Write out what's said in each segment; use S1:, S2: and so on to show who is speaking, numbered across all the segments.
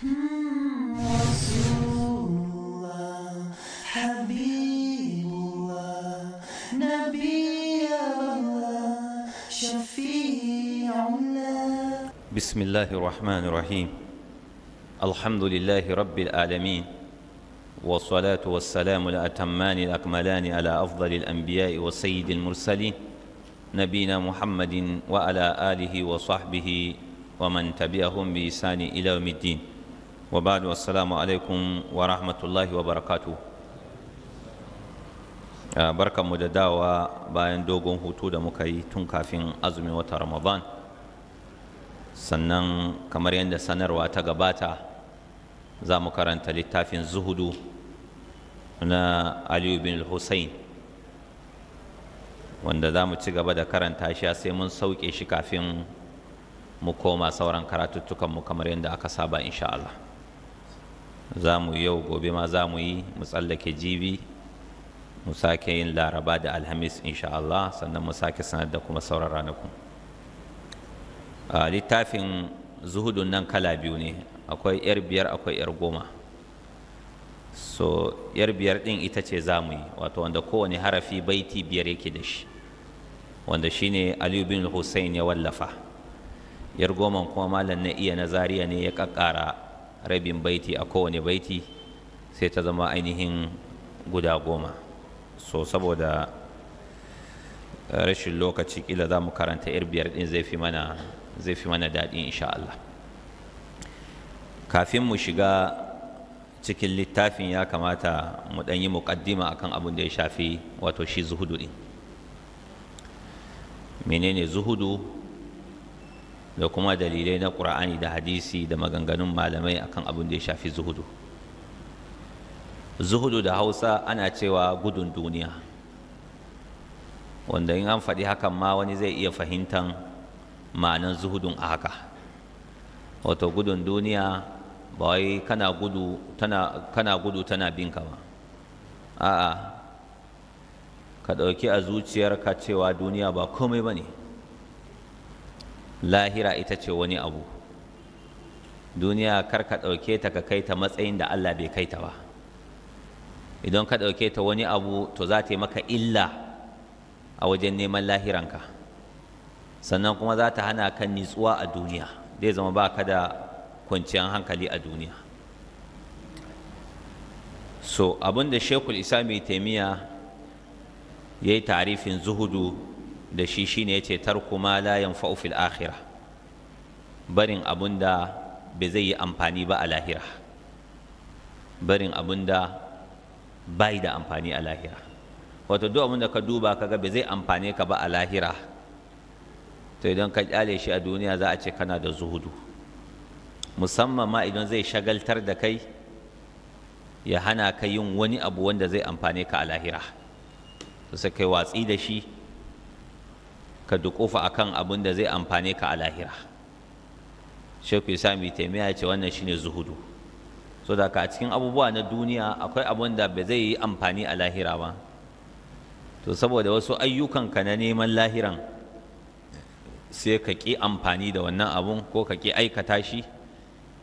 S1: بسم الله الرحمن الرحيم الحمد لله رب العالمين والصلاة والسلام الأتمان الأكملان على أفضل الأنبياء وسيد المرسلين نبينا محمد وعلى آله وصحبه ومن تبعهم بإحسان إلى يوم الدين wa ba'du assalamu alaikum wa rahmatullahi wa barakatu ah, mu da dawa bayan dogon hutu da muka yi tun kafin azumin wata ramadan sannan kamar yadda sanarwa ta gabata za mu karanta littafin zuhudu na aliyu bin hussein wanda za mu ci gaba da karanta shi sai mun sauke shi kafin mu koma sauran karatuttukanmu kamar yadda aka saba insha Allah. za mu yau gobe ma za mu yi mu tsallake jibi mu sake yin laraba da alhamis insha Allah sannan mu sake sanar da kuma sauran ranaku. littafin zuhudun nan kala biyu ne akwai yar biyar akwai yar goma so yar biyar ɗin ita ce za mu yi wato wanda kowane harafi baiti biyar yake da shi wanda shine aliyu bin hussein ya wallafa yar goma kuma malam na iya na zariya ne ya kakkara rabin baiti a kowane baiti sai ta zama ainihin guda goma so saboda rashin lokaci kila za mu karanta yar biyar din zai fi mana daɗi insha Allah kafin mu shiga cikin littafin ya kamata mu ɗan yi muƙaddima akan abin da ya shafi wato shi zuhudu ɗin menene zuhudu da kuma dalilai na ƙura'ani da hadisi da maganganun malamai akan abin da ya shafi zuhudu zuhudu da hausa ana cewa gudun duniya wanda in an faɗi hakan ma wani zai iya fahimtan ma'anan zuhudun a haka wato gudun duniya ba wai kana gudu tana, kana gudu binka ba a'a ka ɗauki a zuciyarka cewa duniya ba komai ba ne lahira ita ce wani abu duniya kar ka ɗauke ta ka kai ta matsayin da Allah bai kai ta ba idan ka ɗauke ta wani abu to za ta yi maka illa a wajen neman lahiranka sannan kuma za ta hana kan nitsuwa a duniya zai zama ba ka da kwanciyar hankali a duniya so abin da shekul isa mai taimiya ya yi tarifin zuhudu da shi shine ya tarku ma layan faufil akhira akhirah barin da bai zai yi amfani ba a lahira barin abun ba bai da amfani a lahira wato duk da ka duba kaga bai zai amfani ka ba a lahira to idan ka kyale shi a duniya za a ce kana da zuhudu musamman ma idan zai shagaltar da kai ya hana ka yin wani abu wanda zai amfani ka a lahira sai kai watsi da shi ka dukufa kan abin da zai amfane ka a lahira shekul sami taimiya ya ce wannan shine zuhudu so da ka cikin abubuwa na duniya akwai abin da ba zai yi amfani a lahira ba to saboda wasu ayyukan ka na neman lahiran sai ka ƙi amfani da wannan abun ko ka ƙi aikata shi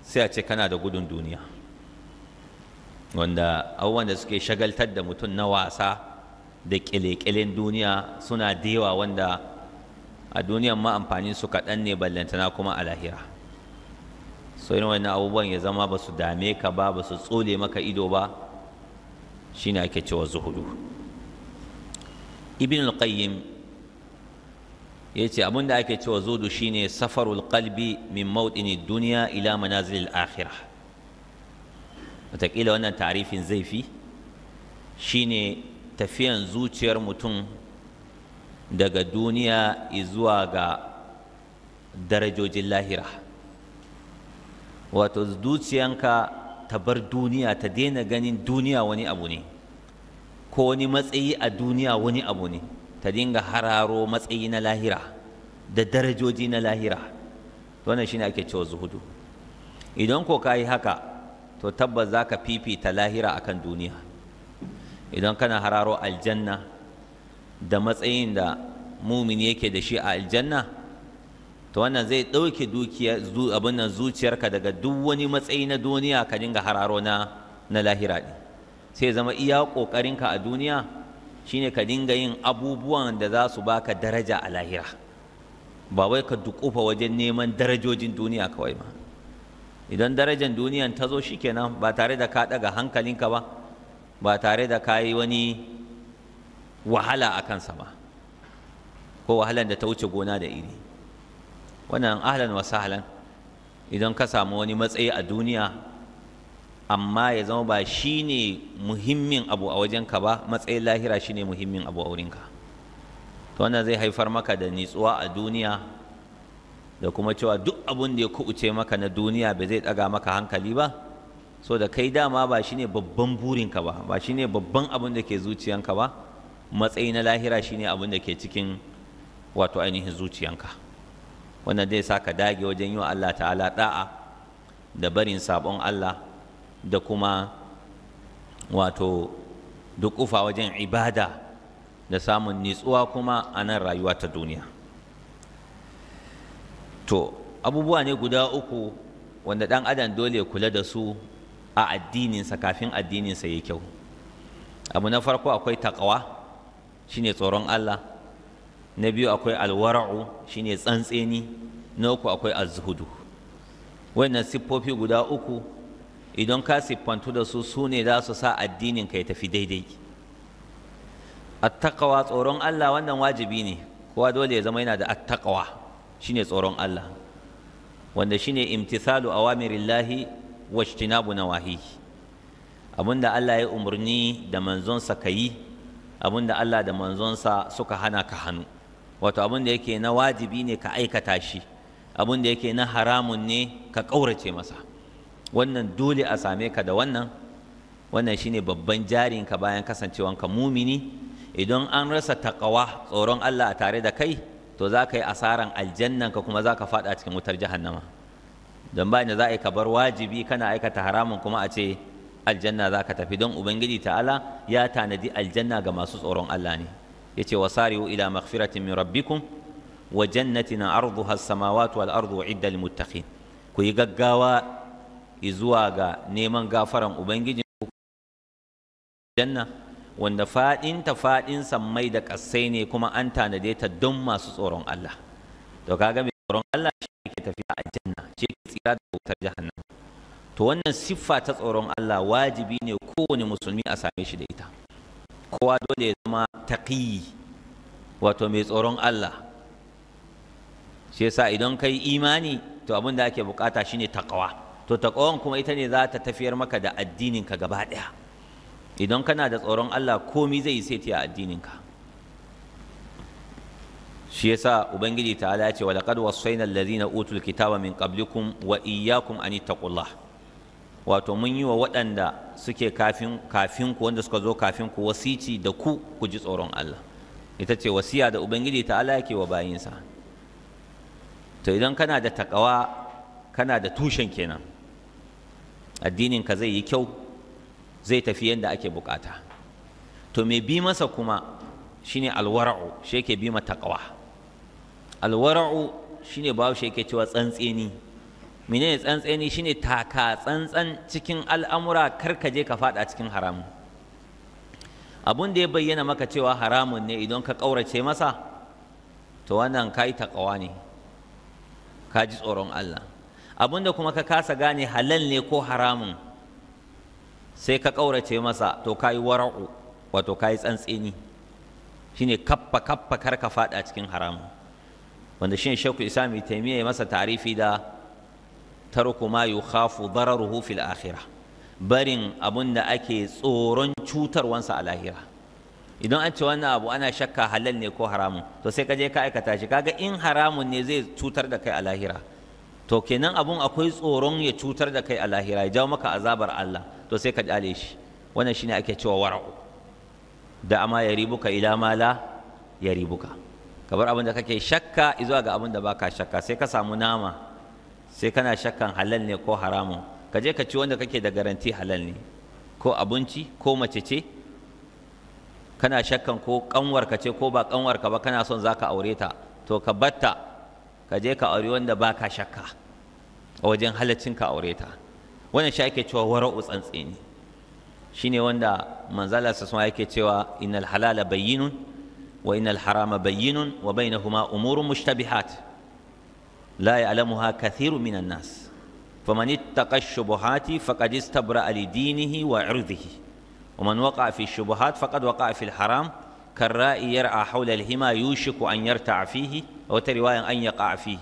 S1: sai a ce kana da gudun duniya wanda abubuwan da suke shagaltar da mutum na wasa da ƙile-ƙilen duniya suna da wanda a duniyan ma amfanin su kaɗan ne ballantana kuma a lahira so irin wannan abubuwan ya zama ba su dame ka ba ba su tsole maka ido ba shine ake cewa zuhudu ibn al-qayyim yace abin da ake cewa zuhudu shine safarul qalbi min mawdini duniya ila manazilil al-akhirah wataƙila wannan tarifin zai fi shine tafiyan zuciyar mutum daga duniya zuwa ga darajojin lahira wato zuciyanka ta bar duniya ta daina ganin duniya wani abu ne ko wani matsayi a duniya wani abu ne ta dinga hararo matsayi na lahira da darajoji na lahira wannan shine ake cewa zuhudu idan ko ka haka to tabbas za ka fifita lahira akan duniya idan kana hararo aljanna da matsayin da mumini yake da shi a aljanna to wannan zai ɗauke dukiya abin nan zuciyarka daga duk wani matsayi na duniya ka dinga hararo na lahira ɗin sai zama iya ƙoƙarinka a duniya shine ka dinga yin abubuwan da za su baka daraja a lahira ba wai ka dukufa wajen neman darajojin duniya kawai ba idan darajar duniyan ta zo shikenan ba tare da ka ɗaga hankalinka ba ba tare da ka yi wani wahala a kansa sama ko wahalar da ta wuce gona da iri wannan ahlan wa sahlan idan ka samu wani matsayi a duniya amma ya zama ba shi ne muhimmin abu a wajenka ba matsayin lahira shi ne muhimmin abu a wurinka to wannan zai haifar maka da nitsuwa a duniya da kuma cewa duk abun da ya kuɓuce maka na duniya ba zai ɗaga maka hankali ba so da kai dama ba shi ne babban burinka ba ba shi ne babban abun da ke zuciyanka ba matsayi na lahira shine abin da ke cikin wato ainihin zuciyanka wannan zai sa ka dage wajen yi wa Allah ta'ala da'a da barin sabon Allah da kuma wato dukufa wajen ibada da samun nitsuwa kuma a nan rayuwa ta duniya to abubuwa ne guda uku wanda dan adam dole kula da su a addininsa kafin addininsa ya kyau abu na farko akwai takawa shine tsoron Allah na biyu akwai alwara'u shine tsantseni na uku akwai azhudu wannan siffofi guda uku idan ka siffantu da su su ne za su sa addinin ka ya tafi daidai attaqwa tsoron Allah wannan wajibi ne kowa dole ya zama yana da attaqwa shine tsoron Allah wanda shine imtithalu awamirillahi wajtinabu nawahihi abinda Allah ya umarni da manzonsa sa kayi abin da Allah da manzonsa suka hana ka hannu wato abin da yake na wajibi ne ka aikata shi abin da yake na haramun ne ka ƙaurace masa wannan dole a same ka da wannan wannan shine babban jarin ka bayan kasancewan ka mumini idan an rasa taƙawa tsoron Allah a tare da kai to za ka yi asaran aljannan ka kuma za ka faɗa cikin wutar jahannama don bayan da za a yi ka bar wajibi kana aikata haramun kuma a ce aljanna za ka tafi don ubangiji ta'ala ya tanadi aljanna ga masu tsoron Allah ne ya ce wa sari'u ila maghfiratin min rabbikum wa jannatin ardu as-samawati wal ardu iddal muttaqin ku yi gaggawa zuwa ga neman gafaran ubangiji janna wanda fadin ta fadin sammai da kasai ne kuma an tanade ta don masu tsoron Allah to kaga mai tsoron Allah shi ke tafiya aljanna shi ke tsira da wutar jahannama to wannan siffa ta tsoron Allah wajibi ne kowane musulmi a same shi da ita kowa dole ya zama taqiyi wato mai tsoron Allah shi yasa idan kai imani to abin da ake bukata shine taqwa to taqwan kuma ita ne za ta tafiyar maka da addinin ka gaba daya idan kana da tsoron Allah komi zai saiti a addinin ka shi yasa ubangiji ta'ala ya ce wa laqad wasaina alladhina utul kitaba min qablikum wa iyyakum an ittaqullah wato mun yi wa waɗanda suke kafin kafin ku wanda suka zo kafin ku wasici da ku ku ji tsoron Allah ita ce wasiya da ubangiji ta Allah yake wa bayinsa to idan kana da takawa kana da tushen kenan addinin ka zai yi kyau zai tafi yadda ake bukata to mai bi masa kuma shine alwara'u shi yake bi ma takawa alwara'u shine babu shi yake cewa tsantseni menene tsantseni shine taka tsantsan cikin al'amura kar ka je ka fada cikin haramun abun da ya bayyana maka cewa haramun ne idan ka ƙaurace masa to wannan ka yi taƙawa ne ka ji tsoron Allah abun da kuma ka kasa gane halal ne ko haramun sai ka ƙaurace masa to ka yi wara'u wato ka yi tsantseni shine kappa kappa kar ka fada cikin haramun wanda shine shakku mai taimiyya masa tarifi da tarku ma yukhafu dararuhu fil akhirah barin abun da ake tsoron cutarwansa a lahira idan an ce wannan abu ana shakka halal ne ko haramun to sai ka je ka aikata shi kaga in haramun ne zai cutar da kai a lahira to kenan abun akwai tsoron ya cutar da kai a lahira ya jawo maka azabar Allah to sai ka kyale shi wannan shine ake cewa wara'u da amma ya ribuka ila mala ya ribuka kabar abin da kake shakka zuwa ga abin da baka shakka sai ka samu nama sai kana shakkan halal ne ko haramun ka je ka ci wanda kake da garanti halal ne ko abinci ko mace ce kana shakkan ko kanwarka ce ko ba kanwarka ba kana son zaka aure ta to ka batta ka je ka aure wanda ba ka shakka a wajen halaccin ka aure ta wannan shi ake cewa wara'u tsantseni shine wanda manzala sassan yake cewa innal halala bayyinun wa innal harama bayyinun wa bainahuma umurun mushtabihat لا يعلمها كثير من الناس فمن اتقى الشبهات فقد استبرأ لدينه وعرضه ومن وقع في الشبهات فقد وقع في الحرام كالرائي يرعى حول الهما يوشك أن يرتع فيه أو ترواية أن يقع فيه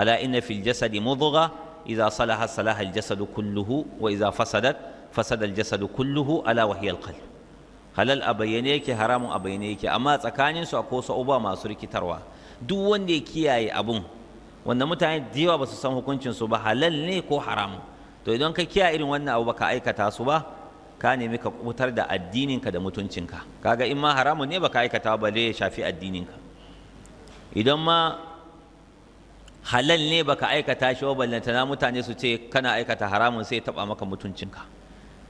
S1: ألا إن في الجسد مضغة إذا صلح صلاح الجسد كله وإذا فسدت فسد الجسد كله ألا وهي القلب هل الابينيك حرام ابينيك اما a bayyane yake amma tsakaninsu a kosa uba masu wanda mutane da yawa ba su san hukuncin ba halal ne ko haram to idan ka kiya irin wannan abu baka aikata su ba ka nemi ka kutar da addininka da mutuncinka kaga in ma haramun ne baka aikata ba ya shafi addininka idan ma halal ne baka aikata shi ba na mutane su ce kana aikata haramun sai taba maka mutuncinka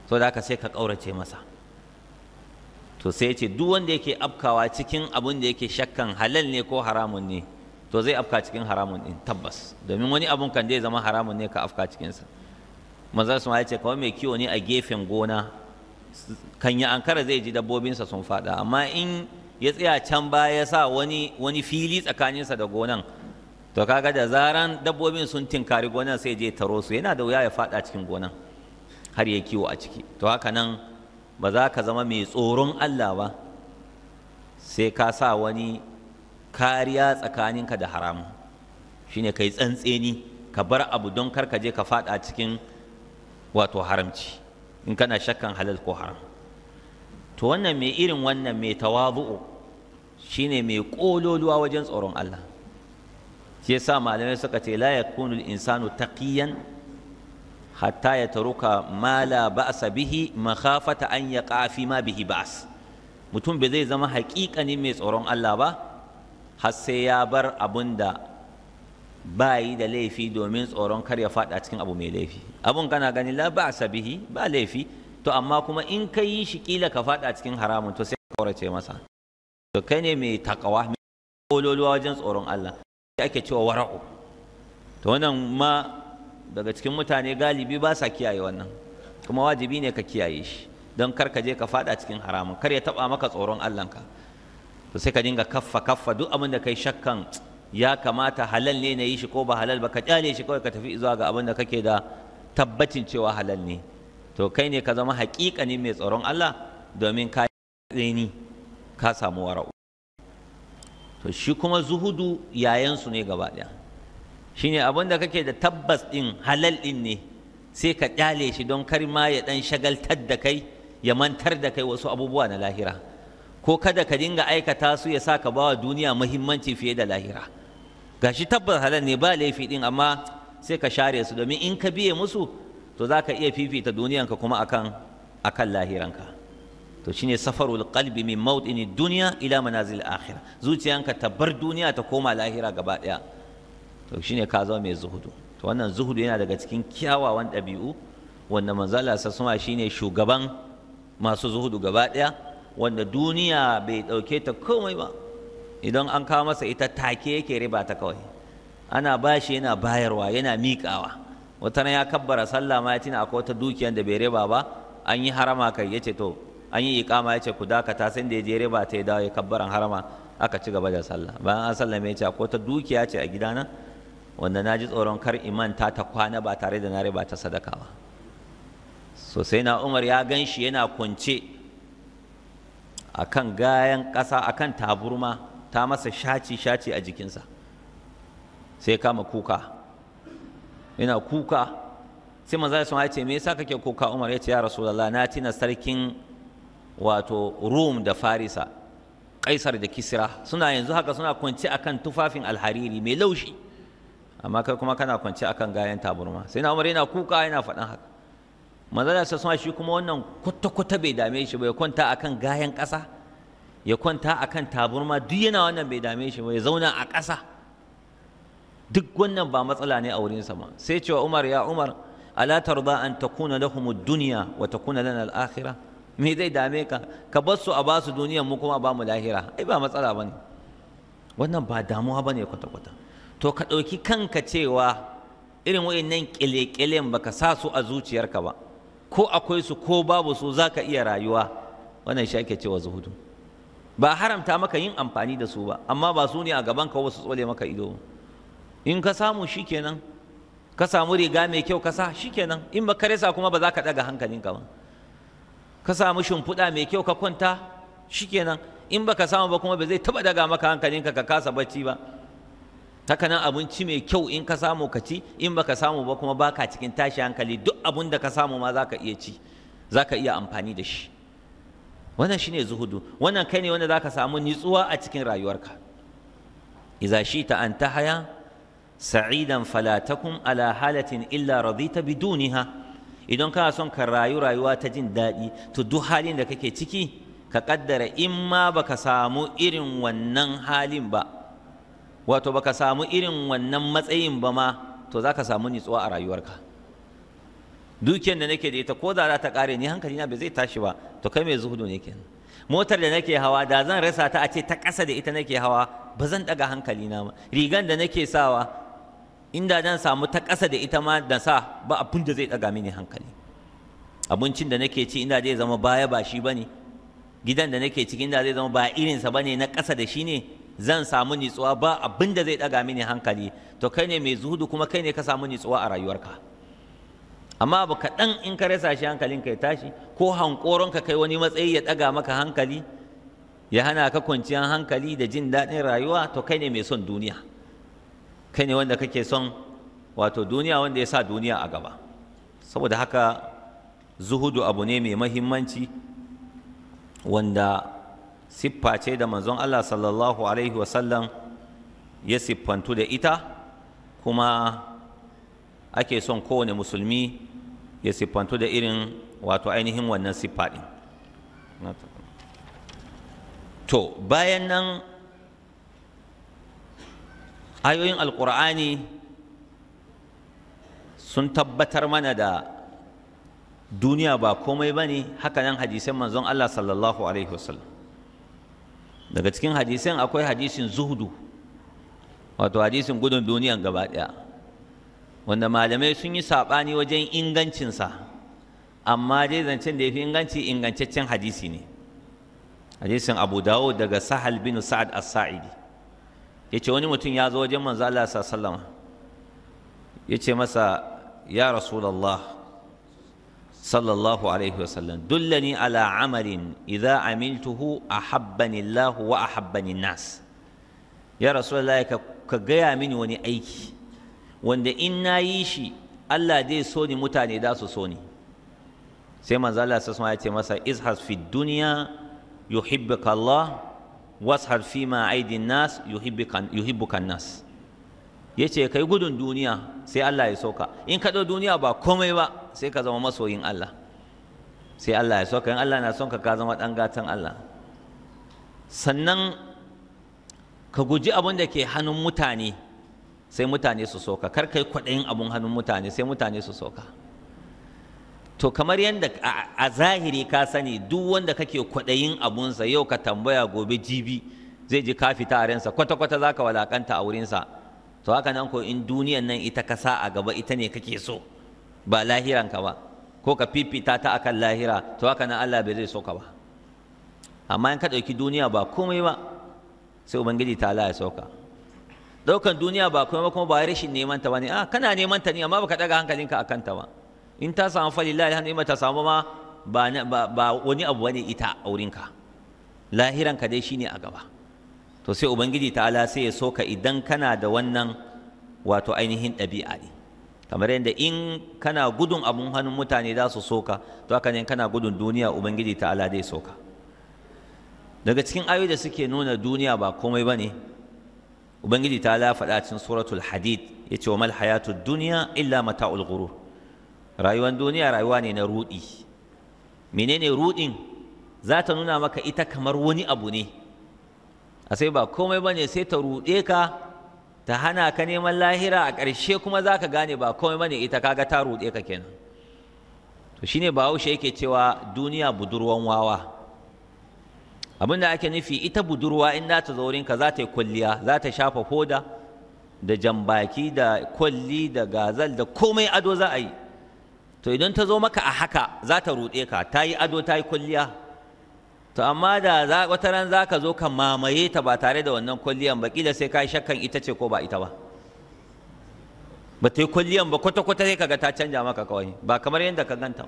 S1: to da haka sai ka kaurace masa to sai ce duk wanda yake afkawa cikin abin da yake shakkan halal ne ko haramun ne to zai afka cikin haramun din tabbas domin wani abun kan zai zama haramun ne ka afka cikinsa manzan su ma ya ce kawai mai kiwo ne a gefen gona kan yi ankara zai ji dabbobinsa sun fada amma in ya tsaya can baya ya sa wani wani fili tsakaninsa da gonan to kaga da zaran dabbobin sun tinkari gonan sai je taro su yana da wuya ya fada cikin gonan har ya kiwo a ciki to haka nan ba za ka zama mai tsoron Allah ba sai ka sa wani kariya tsakaninka da haramu shine kai tsantseni ka bar abu don kar ka je ka fada cikin wato haramci in kana shakkan halal ko haram to wannan mai irin wannan mai tawazu'u shine mai kololuwa wajen tsoron Allah shi yasa malamai suka ce la yakunu insanu taqiyan hatta ya taruka ma la ba'sa bihi makhafata an yaqa fi ma bihi ba's mutum bai zai zama haƙiƙanin mai tsoron Allah ba har sai ya bar abun da ba yi da laifi domin tsoron kar ya faɗa cikin abu mai laifi abun kana gani la ba sabihi ba laifi to amma kuma in ka yi shi kila ka faɗa cikin haramun to sai ka ce masa to kai ne mai takawa mai kololuwa wajen tsoron Allah sai ake cewa wara'u to wannan ma daga cikin mutane galibi ba sa kiyaye wannan kuma wajibi ne ka kiyaye shi don kar ka je ka faɗa cikin haramun kar ya taɓa maka tsoron Allahnka ka to sai ka dinga kaffa kaffa duk abin da kai shakkan ya kamata halal ne na yi shi ko ba halal ba ka kyale shi kawai ka tafi zuwa ga abin da kake da tabbacin cewa halal ne to kai ne ka zama haƙiƙani mai tsaron Allah domin ka ni ka samu wara'u to shi kuma zuhudu yayansu ne gaba ɗaya ne abin da kake da tabbas ɗin halal ɗin ne sai ka kyale shi don kar ma ya ɗan shagaltar da kai ya mantar da kai wasu abubuwa na lahira ko kada ka dinga aikata su ya sa ka wa duniya muhimmanci fiye da lahira gashi tabbas halal ne ba laifi din amma sai ka share su domin in ka biye musu to za ka iya fifita duniyanka kuma akan akan lahiranka to shine safarul qalbi min mawdini dunya ila manazil akhirah zuciyanka ta bar duniya ta koma lahira gaba daya to shine ka zama mai zuhudu to wannan zuhudu yana daga cikin kyawawan ɗabi'u wanda manzala sassuma shine shugaban masu zuhudu gaba daya wanda duniya bai ɗauke ta komai ba idan an kawo masa ita take yake riba ta kawai ana bashi yana bayarwa yana miƙawa wata ya kabbara sallah ma ya tina akwai wata dukiyar da bai riba ba an yi harama kai yace to an yi iƙama yace ku dakata sai da ya je riba ta ya dawo ya kabbaran harama aka ci gaba da sallah bayan an sallame mai ce akwai wata dukiya ce a gidana wanda na ji tsoron kar iman ta ta kwana ba tare da na riba ta sadaka ba so na umar ya gan shi yana kwance akan gayan ƙasa akan taburma ta masa shaci-shaci a jikinsa sai kama kuka yana kuka sai manzo sun ce me yasa kake kuka Umar ya ce ya Rasulullah na tina sarkin wato Rum da Farisa Kaisar da kisira suna yanzu haka suna kwance akan tufafin alhariri mai laushi amma kai kuma kana kwance akan gayan taburma sai na Umar yana kuka yana faɗan haka manzala sa sama shi kuma wannan kwata-kwata bai dame shi ba ya kwanta a kan gayan ƙasa ya kwanta a kan taburma duk yana wannan bai dame shi ba ya zauna a ƙasa duk wannan ba matsala ne a wurinsa ba sai cewa umar ya umar ala tarda an takuna lahum ad-dunya wa takuna lana al-akhirah me zai dame ka ka bar su a ba su duniyar mu kuma ba mu lahira ai ba matsala bane wannan ba damuwa bane kwata-kwata to ka ɗauki kanka cewa irin wayannan ƙile-ƙilen baka sa su a zuciyarka ba ko akwai su ko babu su za iya rayuwa wannan shi ake cewa zuhudu ba haramta maka yin amfani da su ba amma ba su ne a gaban ka wasu tsole maka ido in ka samu shikenan ka samu riga mai kyau ka sa shikenan in ba ka rasa kuma ba za ka daga hankalinka ba ka samu shimfiɗa mai kyau ka kwanta shikenan in ba ka samu ba kuma ba zai taɓa daga maka hankalinka ka kasa bacci ba haka nan abinci mai kyau in ka samu ka ci in baka samu ba kuma baka cikin tashi hankali duk abin da ka samu ma zaka iya ci ka iya amfani da shi wannan shine zuhudu wannan kai ne wanda ka samu nitsuwa a cikin rayuwarka shi ta an haya, sa'idan fala takum ala halatin illa radita biduniha idan kana son ka rayu rayuwa ta jin daɗi to duk halin da kake ciki ka kaddara in ma baka samu irin wannan halin ba wato baka samu irin wannan matsayin ba ma to za ka samu nitsuwa a rayuwarka dukiyar da nake da ita ko da za ta ƙare ni hankalina bai zai tashi ba to kai mai zuhudu ne kenan motar da nake hawa da zan rasa ta a ce ta ƙasa da ita nake hawa ba zan ɗaga hankalina ba rigan da nake sawa inda zan samu ta ƙasa da ita ma da sa ba abin da zai ɗaga mini hankali abincin da nake ci inda zai zama baya ba shi bane gidan da nake ciki inda zai zama ba irinsa bane na ƙasa da shi ne zan samu nitsuwa ba abinda zai ɗaga mini hankali to kai ne mai zuhudu kuma kai ne ka samu nitsuwa a rayuwarka amma abu kaɗan in ka rasa shi hankalin ka ya tashi ko hankoron ka kai wani matsayi ya ɗaga maka hankali ya hana ka kwanciyar hankali da jin daɗin rayuwa to kai ne mai son duniya kai ne wanda kake son wato duniya wanda ya sa duniya a gaba saboda haka zuhudu abu ne mai mahimmanci wanda siffa ce da manzon Allah sallallahu alaihi wasallam ya siffantu da ita kuma ake son kowane musulmi ya siffantu da irin wato ainihin wannan siffa ɗin to bayan nan ayoyin alkur'ani sun tabbatar mana da duniya ba komai ba ne hakanan hadisai manzon Allah sallallahu alaihi wasallam daga cikin hadisan akwai hadisin zuhudu wato hadisin gudun duniyan gaba daya wanda malamai sun yi saɓani wajen ingancinsa amma dai zancen da ya fi inganci ingantaccen hadisi ne hadisin abu dawo daga sahal bin sa'ad as-sa'idi ya ce wani mutum ya zo wajen manzo Allah sallama ya ce masa ya rasulallah sallallahu alaihi wasallam dullani ala amalin idza wa ahabbani ya rasulullahi ka ka gaya mini wani aiki wanda in na yi shi Allah zai so ni mutane da su so ni sai manzo Allah sallallahu ya ce masa izhas fi dunya yuhibbuka Allah washar fi ma aidin nas yuhibbuka nas yace kai gudun duniya sai Allah ya sauka in ka duniya ba komai ba sai ka zama masoyin Allah sai Allah ya so ka Allah na son ka ka zama dan gatan Allah sannan ka guji abin da ke hannun mutane sai mutane su soka kar kai kwaɗayin abin hannun mutane sai mutane su soka to kamar yadda a zahiri ka sani duk wanda kake kwaɗayin abunsa yau ka tambaya gobe jibi zai ji ka fita a ransa kwata-kwata za ka walakanta a wurinsa to haka nan ko in duniyar nan ita ka sa a gaba ita ne kake so ba lahiranka ba ko ka fifita ta akan lahira to haka nan Allah bai zai so ba amma in ka ɗauki duniya ba komai ba sai ubangiji ta Allah ya sauka ɗaukan duniya ba komai ba kuma ba rashin neman ta bane ah kana neman ta ne amma baka daga hankalinka akan ta ba in ta samu fa lillahi alhamdu ta samu ma ba ba wani abu bane ita a wurinka lahiranka dai shine a gaba to sai ubangiji ta Allah sai ya soka idan kana da wannan wato ainihin ɗabi'a ne kamar yadda in kana gudun abun hannun mutane za su soka to haka ne kana gudun duniya ubangiji ta ala dai soka daga cikin ayoyi da suke nuna duniya ba komai ba ne ubangiji ta ala faɗa cikin suratul hadid ya ce wa mal hayatu duniya illa mata'ul ghurur rayuwar duniya rayuwa ne na rudi menene rudin za ta nuna maka ita kamar wani abu ne a sai ba komai ba ne sai ta ruɗe ka ta hana ka neman lahira a ƙarshe kuma za ka gane ba komai bane ita kaga ta ruɗe ka kenan to shine bahaushe yake cewa duniya budurwan wawa abin da ake nufi ita budurwa in za ta zo wurinka za ta yi kwalliya za ta shafa hoda, da jambaki da kwalli da gazal da komai ado za a yi to idan ta zo maka a haka za ta ruɗe ka ta yi ado ta yi kwalliya to amma da za wata ran za ka zo ka mamaye ta ba tare da wannan kulliyan ba kila sai ka yi shakkan ita ce ko ba ita ba ba ta yi kulliyan ba kwata-kwata sai kaga ta canja maka kawai ba kamar yadda ka ganta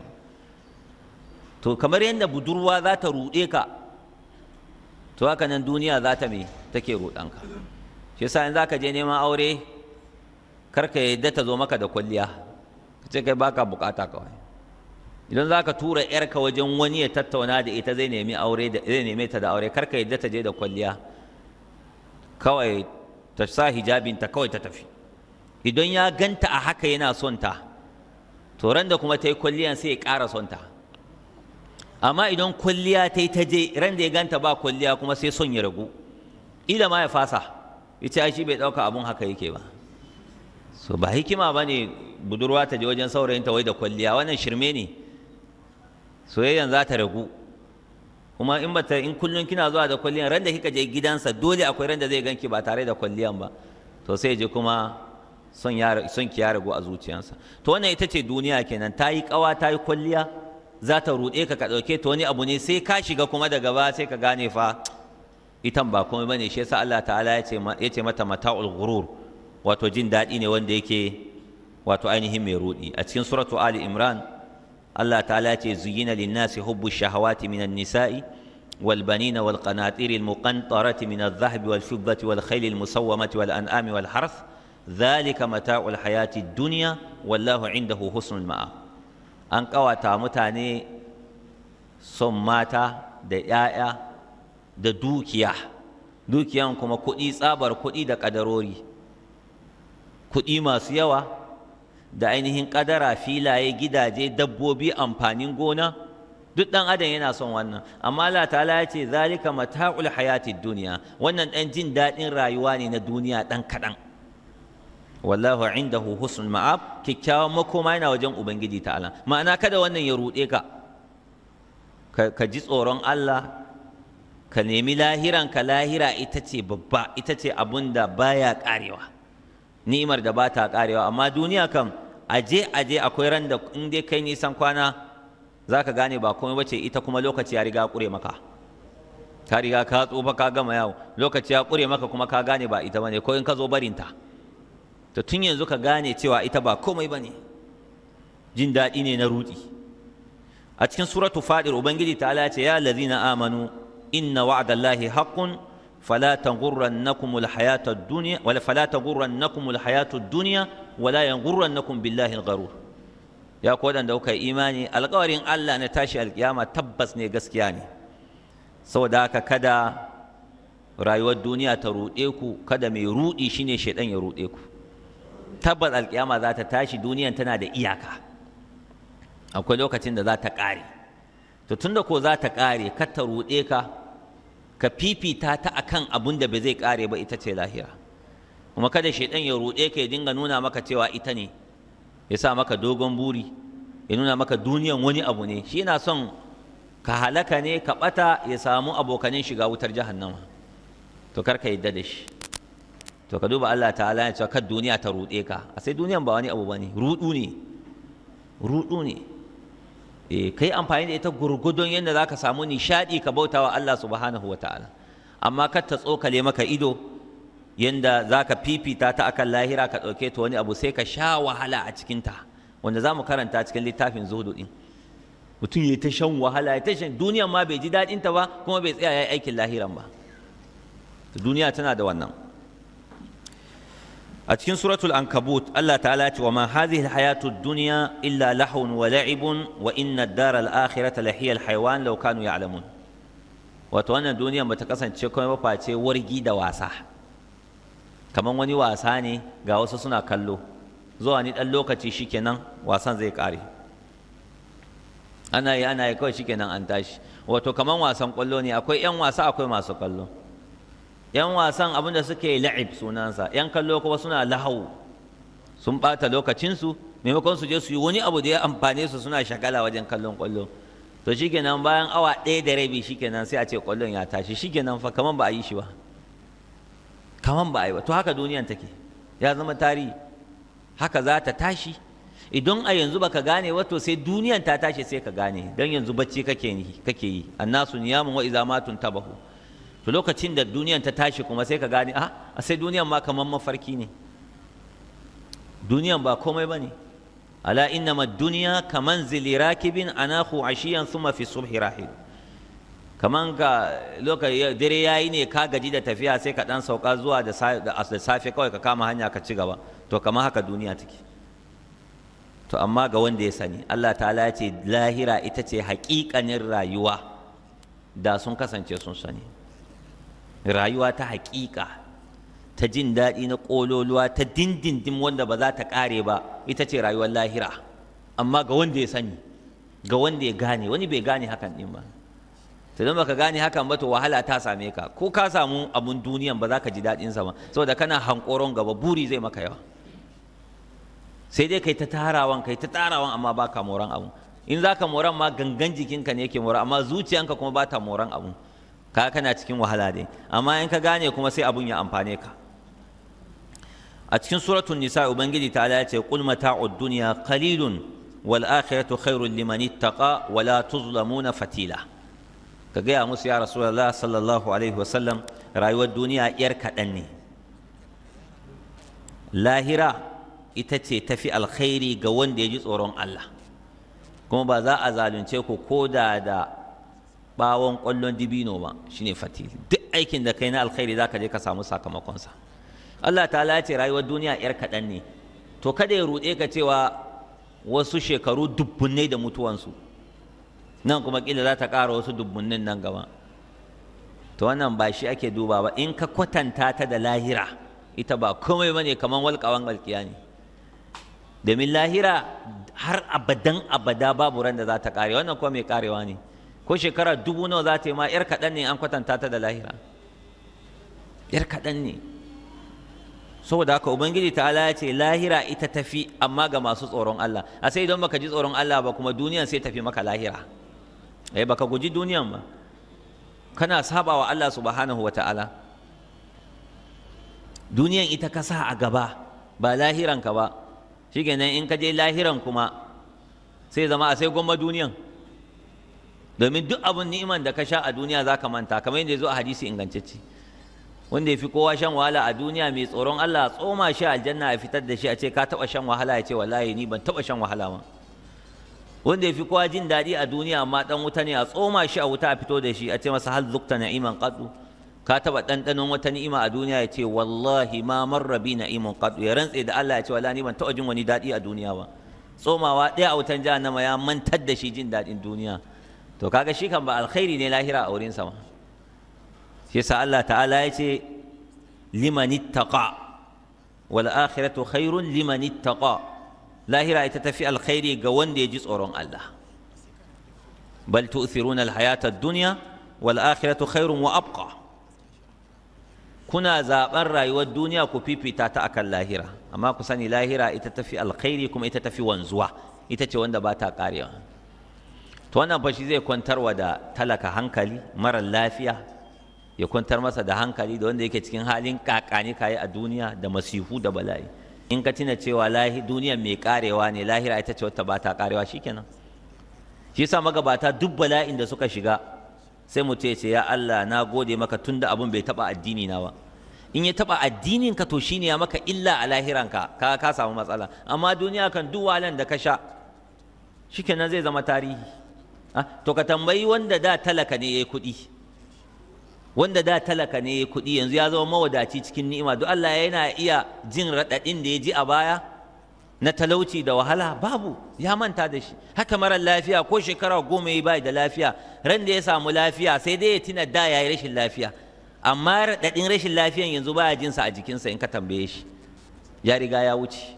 S1: to kamar yadda budurwa za ta ruɗe ka to haka nan duniya za ta me take ruɗanka shi yasa in za ka je neman aure kar ka yadda ta zo maka da kulliya. ka ce kai baka bukata kawai idan za ka tura yarka wajen wani ya tattauna da ita zai nemi aure zai neme ta da aure karka yadda ta je da kwalliya kawai ta sa hijabinta kawai ta tafi idan ya ganta a haka yana son ta to ran da kuma ta yi kwalliyan sai ya ƙara son ta amma idan kwalliya ta yi ta je ran da ya ganta ba kwalliya kuma sai son ya ragu ila ma ya fasa ita shi bai ɗauka abun haka yake ba so ba hikima ba ne budurwa ta je wajen saurayinta wai da kwalliya wannan shirme ne soyayyan za ta ragu kuma in bata in kullum kina zuwa da kwalliyan ran da kika je gidansa dole akwai ran da zai ganki ba tare da kwalliyan ba to sai je kuma son ya son ki ya ragu a zuciyansa to wannan ita ce duniya kenan ta yi kawa ta yi kwalliya za ta ruɗe ka ka ɗauke ta wani abu ne sai ka shiga kuma da gaba sai ka gane fa itan ba komai bane shi yasa Allah ta'ala ya ce mata mata'ul ghurur wato jin daɗi ne wanda yake wato ainihin mai ruɗi a cikin suratu ali imran Allah ta'ala ce zuyina linnasi hubbu shahawati minan nisa'i wal banina wal qanatiri al muqantarati wal fiddati wal khayli musawwamati wal an'ami wal harth dhalika mata'ul hayati dunya wallahu an kawata mutane son mata da 'ya'ya da dukiya dukiyan kuma kuɗi tsabar kuɗi da kadarori kuɗi masu yawa da ainihin kadara filaye gidaje dabbobi amfanin gona duk dan adam yana son wannan amma Allah ta'ala ya ce zalika mata'ul hayati duniya wannan dan jin daɗin rayuwa ne na duniya dan kaɗan wallahu indahu husnul ma'ab kikkiawan makoma yana wajen ubangiji ta'ala ma'ana kada wannan ya rude ka ka ji tsoron Allah ka nemi ka lahira ita ce babba ita ce abun da baya karewa ni'imar da ba ta karewa amma duniya kam aje aje akwai ran da in dai kai nisan kwana za ka gane ba komai bace ita kuma lokaci ya riga kure maka ka riga ka tsufa ka gama yawo lokaci ya kure maka kuma ka gane ba ita bane ko in ka zo barinta to tun yanzu ka gane cewa ita ba komai bane jin daɗi ne na rudi a cikin suratu fadir ubangiji ta ce ya lazina amanu inna wa'dallahi haqqun فلا تغرنكم الحياة الدنيا ولا فلا تغرنكم الحياة الدنيا ولا يغرنكم بالله الغرور ya ko da kuka yi imani alƙawarin Allah na tashi alƙiyama tabbas ne gaskiya ne saboda haka kada rayuwar duniya ta ruɗe ku kada mai ruɗi shine shaidan ya ruɗe ku tabbas alƙiyama zata tashi duniya tana da iyaka akwai lokacin da za ta ƙare da tunda ko zata ta ƙare kar ta ruɗe ka ka fifita ta akan abun da ba zai kare ba ita ce lahira kuma kada shaidan ya ruɗe ka ya dinga nuna maka cewa ita ne ya sa maka dogon buri ya nuna maka duniyan wani abu ne shi yana son ka halaka ne ka ɓata ya samu abokanin shiga wutar jahannama to kar ka yadda da shi to ka duba Allah ta'ala ya ce kar duniya ta ruɗe ka a sai duniyan ba wani abu ne ruɗu ne ruɗu ne eh yi amfani da ita gurgudun yadda za ka samu nishaɗi ka bauta wa Allah subhanahu Ta'ala. amma kar ta tsokale maka ido yadda za ka fifita ta akan lahira ka ɗauke ta wani abu sai ka sha wahala a cikinta, wanda za mu karanta cikin littafin zuhudu mutum ya ta shan wahala ya ta shan duniyan ma bai ji daɗinta ba kuma bai tsaya ya aikin lahiran ba duniya tana da wannan a cikin suratul ankabut Allah ta'ala ce wa ma hadhihi alhayatud dunya illa lahun wa la'ibun wa inna ad-dara al-akhirata lahiya alhayawan law kanu ya'lamun wato wannan duniya bata kasance kuma ba face wargi da wasa kaman wani wasa ne ga wasu suna kallo zuwa ni dan lokaci shikenan wasan zai kare ana yi ana yi kawai shikenan an tashi wato kaman wasan kwallo ne akwai yan wasa akwai masu kallo yan wasan abinda suke la'ib sunansa yan kallo kuma suna lahau sun ɓata lokacinsu maimakon su je su yi wani abu da ya amfane su suna shagala wajen kallon kwallo to shikenan bayan awa ɗaya da rabi shikenan sai a ce kwallon ya tashi shikenan fa kaman ba a yi shi ba kaman ba a yi ba to haka duniyan take ya zama tarihi haka za ta tashi idan a yanzu baka gane wato sai duniyan ta tashi sai ka gane dan yanzu bacci kake yi kake yi annasu niyamun wa iza matun tabahu to lokacin da duniyan ta tashi kuma sai ka gane a ah, sai duniyan ma kamar mafarki ne duniyan ba komai ba ne ala innama duniya kaman zili rakibin anahu ashiyan suma fi subhi rahil kaman ka lokacin dare yayi ne ka gaji da tafiya sai ka dan sauka zuwa da safe kawai ka kama hanya ka ci gaba to kamar haka duniya take to amma ga wanda ya sani Allah ta'ala ya ce lahira ita ce hakikanin rayuwa da sun kasance sun sani rayuwa ta haƙiƙa ta jin daɗi na ƙololuwa ta dindindin wanda ba za ta ƙare ba ita ce rayuwar lahira amma ga wanda ya sani ga wanda ya gane wani bai gane hakan ɗin ba to don baka gane hakan ba to wahala ta same ka ko ka samu abun duniyan ba za ka ji daɗin sa ba saboda kana hankoron gaba buri zai maka yawa sai dai kai ta tarawan kai ta tarawan amma ba ka moran abu in za ka moran ma gangan jikinka ne yake moran amma zuciyanka kuma ba ta moran abu ka kana cikin wahala ne amma in ka gane kuma sai abun ya amfane ka a cikin suratun nisa ubangiji ta ya ce qul mata'ud dunya qalilun wal akhiratu khairul liman ittaqa wa la tuzlamuna fatila ka gaya musu ya rasulullah sallallahu alaihi wasallam rayuwar duniya yar kaɗan ne lahira ita ce tafi alkhairi ga wanda ya ji tsoron Allah kuma ba za a zalunce ku ko da da bawon ƙwallon dibino ba shine Fati duk aikin da kai na alkhairi zaka je ka samu sakamakonsa Allah ta'ala ya ce rayuwar duniya yar kaɗan ne to kada ya ruɗe ka cewa wasu shekaru dubbunai da mutuwansu nan kuma kila za ta ƙara wasu dubbunnin nan gaba to wannan ba shi ake duba ba in ka kwatanta ta da lahira ita ba komai ne kaman walƙawan walƙiya ne domin lahira har abadan abada babu ran da za ta ƙare wannan kuma mai ƙarewa ne ko shekara dubu nawa za ta yi ma yar kaɗan ne an kwatanta ta da lahira yar kaɗan ne saboda haka ubangiji ta'ala ya ce lahira ita tafi amma ga masu tsoron Allah a sai idan baka ji tsoron Allah ba kuma duniyan sai tafi maka lahira eh baka guji duniyan ba kana saba wa Allah subhanahu wa ta'ala duniyan ita ka sa a gaba ba lahiranka ba shikenan in ka je lahiran kuma sai zama a sai gwamma duniyan domin duk abin ni'iman da ka sha a duniya za ka manta kamar yadda ya zo a hadisi ingantacce wanda ya fi kowa shan wahala a duniya mai tsoron Allah tsoma shi aljanna a fitar da shi a ce ka taɓa shan wahala ya ce wallahi ni ban taɓa shan wahala ba wanda ya fi kowa jin daɗi a duniya amma ɗan wuta ne a tsoma shi a wuta a fito da shi a ce masa hal zukta na'iman qadu ka taɓa ɗanɗanon wata ni'ima a duniya ya ce wallahi ma marrabi Na'iman qadu ya rantse da Allah ya ce wallahi ni ban taɓa jin wani daɗi a duniya ba tsomawa ɗaya a wutan jahannama ya mantar da shi jin daɗin duniya to kaga shi kan ba alkhairi ne lahira a wurin sama shi Allah ta'ala ya ce liman ittaqa wal akhiratu khairun liman ittaqa lahira ita tafi alkhairi ga wanda ya ji tsoron Allah bal tu'thiruna alhayata ad-dunya wal akhiratu khairun wa abqa kuna zaɓar rayuwar duniya ku fifita ta akan lahira amma ku sani lahira ita tafi alkhairi kuma ita tafi wanzuwa ita ce wanda ba ta ƙarewa to wannan fa shi zai kwantarwa da talaka hankali mara lafiya ya kwantar masa da hankali da wanda yake cikin halin kakani kayi a duniya da masihu da bala'i in ka tuna cewa lahi duniya mai karewa ne lahira ita ce wata ba ta karewa shikenan shi yasa magabata duk bala'in da suka shiga sai mu ya ce ya Allah na gode maka tunda abun bai taba addini na ba in ya taba addinin ka to shine ya maka illa a lahiranka ka ka samu matsala amma duniya kan duk da ka sha shikenan zai zama tarihi Ah, to ka tambayi wanda da talaka ne ya yi kuɗi wanda da talaka ne ya yi kuɗi yanzu ya zama mawadaci cikin ni'ima don Allah yana iya jin raɗaɗin da ya ji a baya na talauci da wahala babu ya manta da shi haka marar lafiya ko shekara goma ya bai da lafiya ran da ya samu lafiya sai dai ya tuna da ya yi rashin lafiya amma raɗaɗin rashin lafiyan yanzu baya jinsa a jikinsa in ka tambaye shi ya riga ya wuce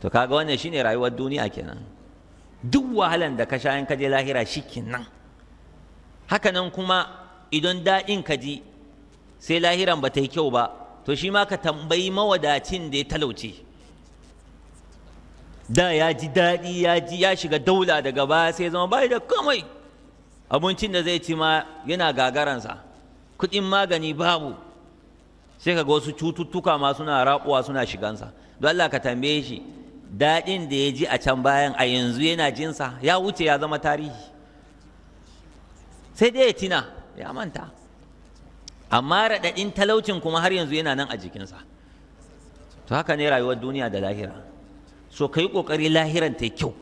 S1: to kaga wannan shine rayuwar duniya kenan duk wahalan da ka sha in ka je lahira kenan haka nan kuma idan daɗin ka ji sai lahiran ba ta yi kyau ba to shi ma ka tambayi mawadacin da ya talauce da ya ji daɗi ya ji ya shiga daula daga baya sai zama bai da komai abincin da zai ci ma yana gagaransa kuɗin magani babu sai kaga wasu cututtuka ma suna raƙuwa suna shigansa don Allah ka tambaye shi daɗin da ya ji a can bayan a yanzu yana jinsa ya wuce ya zama tarihi sai dai ya tina ya manta amma raɗaɗin talaucin kuma har yanzu yana nan a jikinsa to haka ne rayuwar duniya da lahira so ka yi ƙoƙari lahiran ta kyau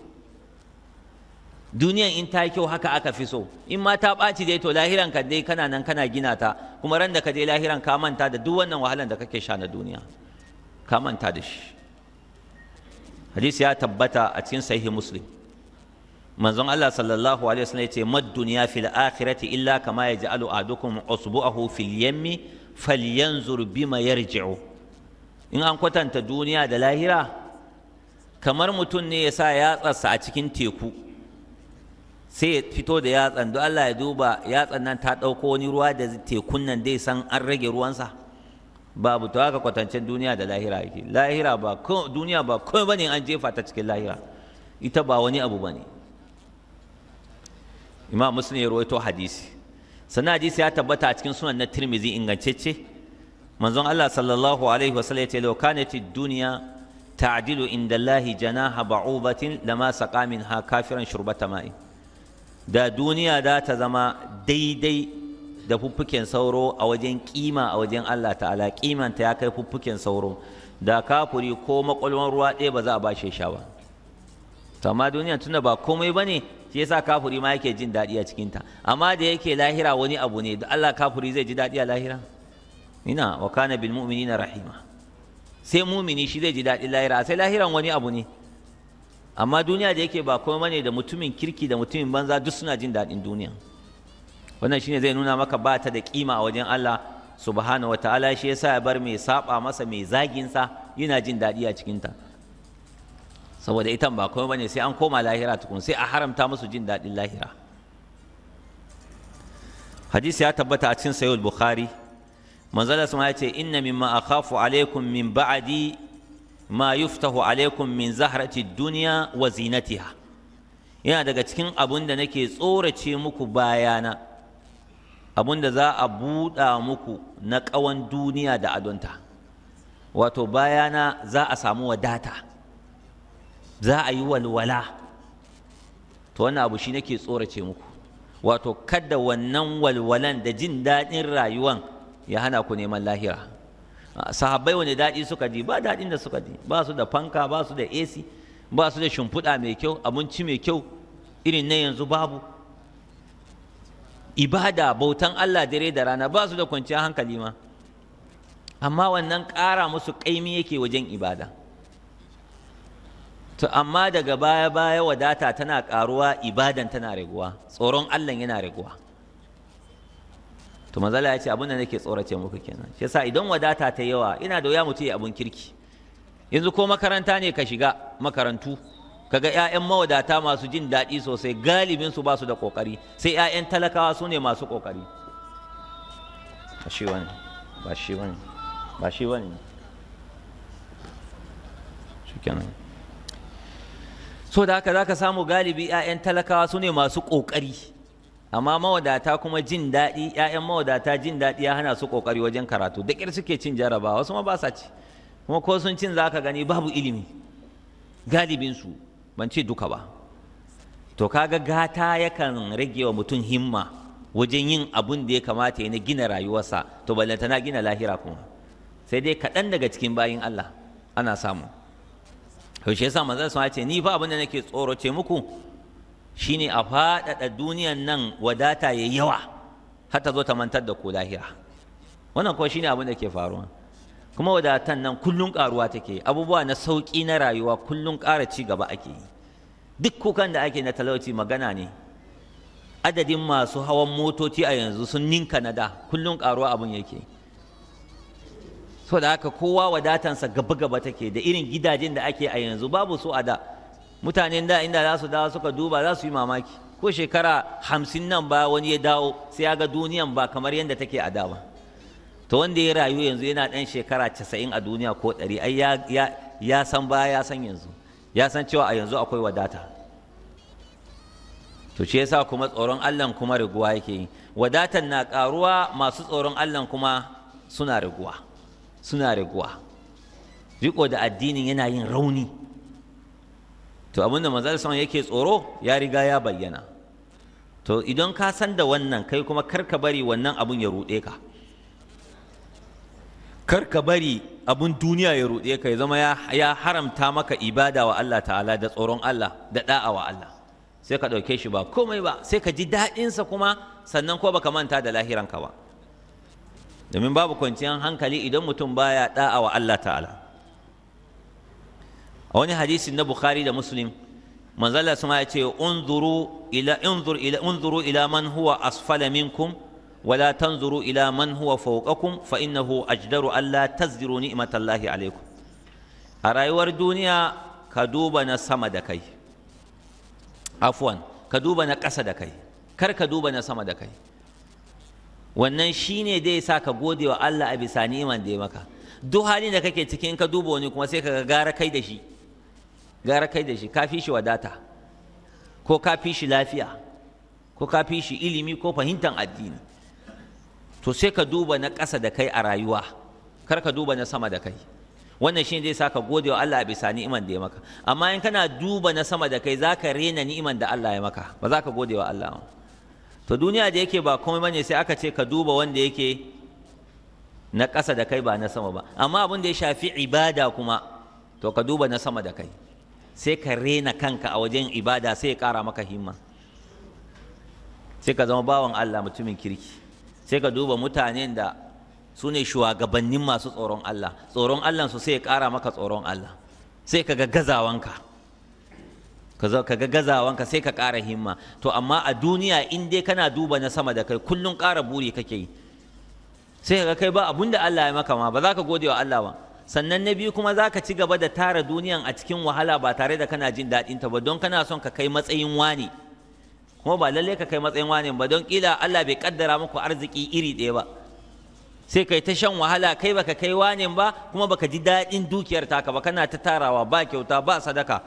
S1: duniyan in ta kyau haka aka fi so in ma ta ɓaci dai to lahiran ka dai kana nan kana gina ta kuma ran da ka je lahiran ka manta da duk wannan wahalan da kake sha na duniya ka manta da shi hadisi ya tabbata a cikin sahihi muslim manzon Allah sallallahu alaihi wasallam yace mad dunya fil akhirati illa kama yaj'alu ahadukum usbu'ahu fil yammi falyanzur bima yarji'u in an kwatanta duniya da lahira kamar mutum ne ya sa yatsarsa a cikin teku sai ya fito da yatsan don Allah ya duba yatsan nan ta ɗauko wani ruwa da tekun nan dai san an rage ruwansa babu to haka kwatancen duniya da lahira yake lahira ba duniya ba ko bane an jefa ta cikin lahira ita ba wani abu bane imam muslim ya rawaito hadisi sannan hadisi ya tabbata a cikin sunan na tirmizi ce. manzon Allah sallallahu alaihi wasallam ya ce law kanat ad-dunya ta'dilu inda Allahi janaha ba'ubatin lama saqa minha kafiran shurbata ma'i da duniya da ta zama daidai da fuffuken sauro a wajen kima a wajen Allah ta'ala kimanta ya kai fuffuken sauro da kafuri ko makwalwan ruwa ɗaya ba za a bashe sha ba to amma duniya tunda ba komai bane shi yasa kafuri ma yake jin daɗi a cikinta amma da yake lahira wani abu ne da Allah kafuri zai ji daɗi a lahira ina wa kana bil mu'minina rahima sai mumini shi zai ji daɗin lahira sai lahiran wani abu ne amma duniya da yake ba komai bane da mutumin kirki da mutumin banza duk suna jin daɗin duniya wannan shine zai nuna maka ba ta da kima a wajen Allah subhanahu wataala shi yasa ya bar mai saba masa mai zagin sa yana jin daɗi a cikin ta saboda ita ba komai bane sai an koma lahira tukun sai a haramta musu jin daɗin lahira hadisi ya tabbata a cikin sahih bukhari manzala sama ya ce inna mimma akhafu alaikum min ba'di ma yuftahu alaikum min zahrati dunya wa zinatiha yana daga cikin abun da nake tsorace muku bayana abun da za a buɗa muku na ƙawan duniya da adonta wato bayana za a samu wadata za a yi walwala to wannan abu shi nake tsorace muku wato kada wannan walwalan da jin daɗin rayuwan ya hana ku neman lahira sahabbai wani daɗi suka ji ba daɗin da suka ji ba su da fanka ba su da ac ba su da shimfiɗa mai kyau abinci mai kyau irin na yanzu babu ibada bautan Allah dare da rana ba su da kwanciyar hankali ma amma wannan ƙara musu ƙaimi yake wajen ibada to amma daga baya baya wadata tana ƙaruwa ibadan tana raguwa tsoron Allah yana raguwa to mazala ya ce abin da nake tsorace muku kenan shi yasa idan wadata ta yawa ina da wuya mutum ya abun kirki yanzu ko makaranta ne ka shiga makarantu kaga 'ya'yan mawadata masu jin daɗi sosai galibin su ba su da ƙoƙari sai 'ya'yan talakawa su ne masu ƙoƙari ba shi wani ba shi wani ba shi wani shikenan so da haka zaka samu galibi 'ya'yan talakawa su ne masu ƙoƙari amma mawadata kuma jin daɗi 'ya'yan mawadata jin daɗi ya hana su ƙoƙari wajen karatu da ƙir suke cin jarabawa wasu ma ba sa ci kuma ko sun cin zaka gani babu ilimi galibinsu ban ce duka ba to kaga gata yakan rage wa mutum himma wajen yin abun da ya kamata ya gina rayuwarsa to ballanta na gina lahira kuma sai dai kaɗan daga cikin bayin Allah ana samu yaushe sa yasa manzon sun ce ni ba abin da nake tsoro ce muku shine a faɗaɗa duniyan nan wadata yayi yawa har ta zo ta mantar da ku lahira wannan shi shine abin da ke faruwa kuma wadatan nan kullum karuwa take abubuwa na sauki na rayuwa kullum kara ci gaba ake yi duk kukan da ake na talauci magana ne adadin masu hawan motoci a yanzu sun ninka na da kullum karuwa abin yake so da haka kowa wadatansa gaba-gaba take da irin gidajen da ake a yanzu babu su a da mutane da inda za su dawo suka duba za su yi mamaki ko shekara hamsin nan ba wani ya dawo sai ya ga duniyan ba kamar yadda take a da ba to wanda ya rayu yanzu yana ɗan shekara casa'in a duniya ko ɗari ai ya san baya ya san yanzu ya san cewa a yanzu akwai wadata to shi yasa kuma tsoron Allah kuma riguwa yake yi wadatan na karuwa masu tsoron Allah kuma suna riguwa suna riguwa riko da addinin yana yin rauni to abin da manzal son yake tsoro ya riga ya bayyana to idan ka san da wannan kai kuma kar ka bari wannan abun ya ruɗe ka kar ka bari abun duniya ya ruɗe ka ya zama ya haramta maka ibada wa Allah ta'ala da tsoron Allah da da'a wa Allah sai ka ɗauke shi ba komai ba sai ka ji daɗinsa kuma sannan ko baka manta da lahiranka ba domin babu kwanciyar hankali idan mutum baya da'a wa Allah ta'ala a wani hadisi na Bukhari da Muslim manzala sun ya ce unzuru ila unzuru ila man huwa asfala minkum ولا تنظروا إلى من هو فوقكم فإنه أجدر ألا تزدروا نعمة الله عليكم أرايور دنيا كدوبنا سما دكاي عفوا كدوبنا قسا دكاي كر كدوبنا سما دكاي wannan ne dai sa ka gode wa Allah a bisa ni'iman da ya maka duk halin da kake cikin ka duba wani kuma sai ka gara kai da shi gara kai da shi ka fi shi wadata ko ka fi shi lafiya ko ka fi shi ilimi ko fahimtar addini to sai ka duba na ƙasa da kai a rayuwa kar ka duba na sama da kai wannan shi zai sa ka gode wa Allah a bisa ni'iman da ya maka amma in kana duba na sama da kai za ka rena ni'iman da Allah ya maka ba za ka gode wa Allah ba to duniya da yake ba komai bane sai aka ce ka duba wanda yake na ƙasa da kai ba na sama ba amma abin da ya shafi ibada kuma to ka duba na sama da kai sai ka rena kanka a wajen ibada sai ya ƙara maka himma sai ka zama bawan Allah mutumin kirki sai ka duba mutanen da su ne shugabannin masu tsoron Allah tsoron Allah su sai ya ƙara maka tsoron Allah sai ka ga gazawanka ka ga gazawanka sai ka ƙara himma to amma a duniya in dai kana duba na sama da kai kullum ƙara buri kake yi sai ka kai ba abun da Allah ya maka ma ba za ka gode wa Allah ba sannan na biyu kuma za ka ci gaba da tara duniyan a cikin wahala ba tare da kana jin daɗinta ba don kana son ka kai matsayin wani kuma ba lalle ka kai matsayin wani ba don kila Allah bai kaddara muku arziki iri ɗaya ba sai kai ta shan wahala kai baka kai wane ba kuma baka ji daɗin dukiyar taka ba kana ta tarawa ba kyauta ba sadaka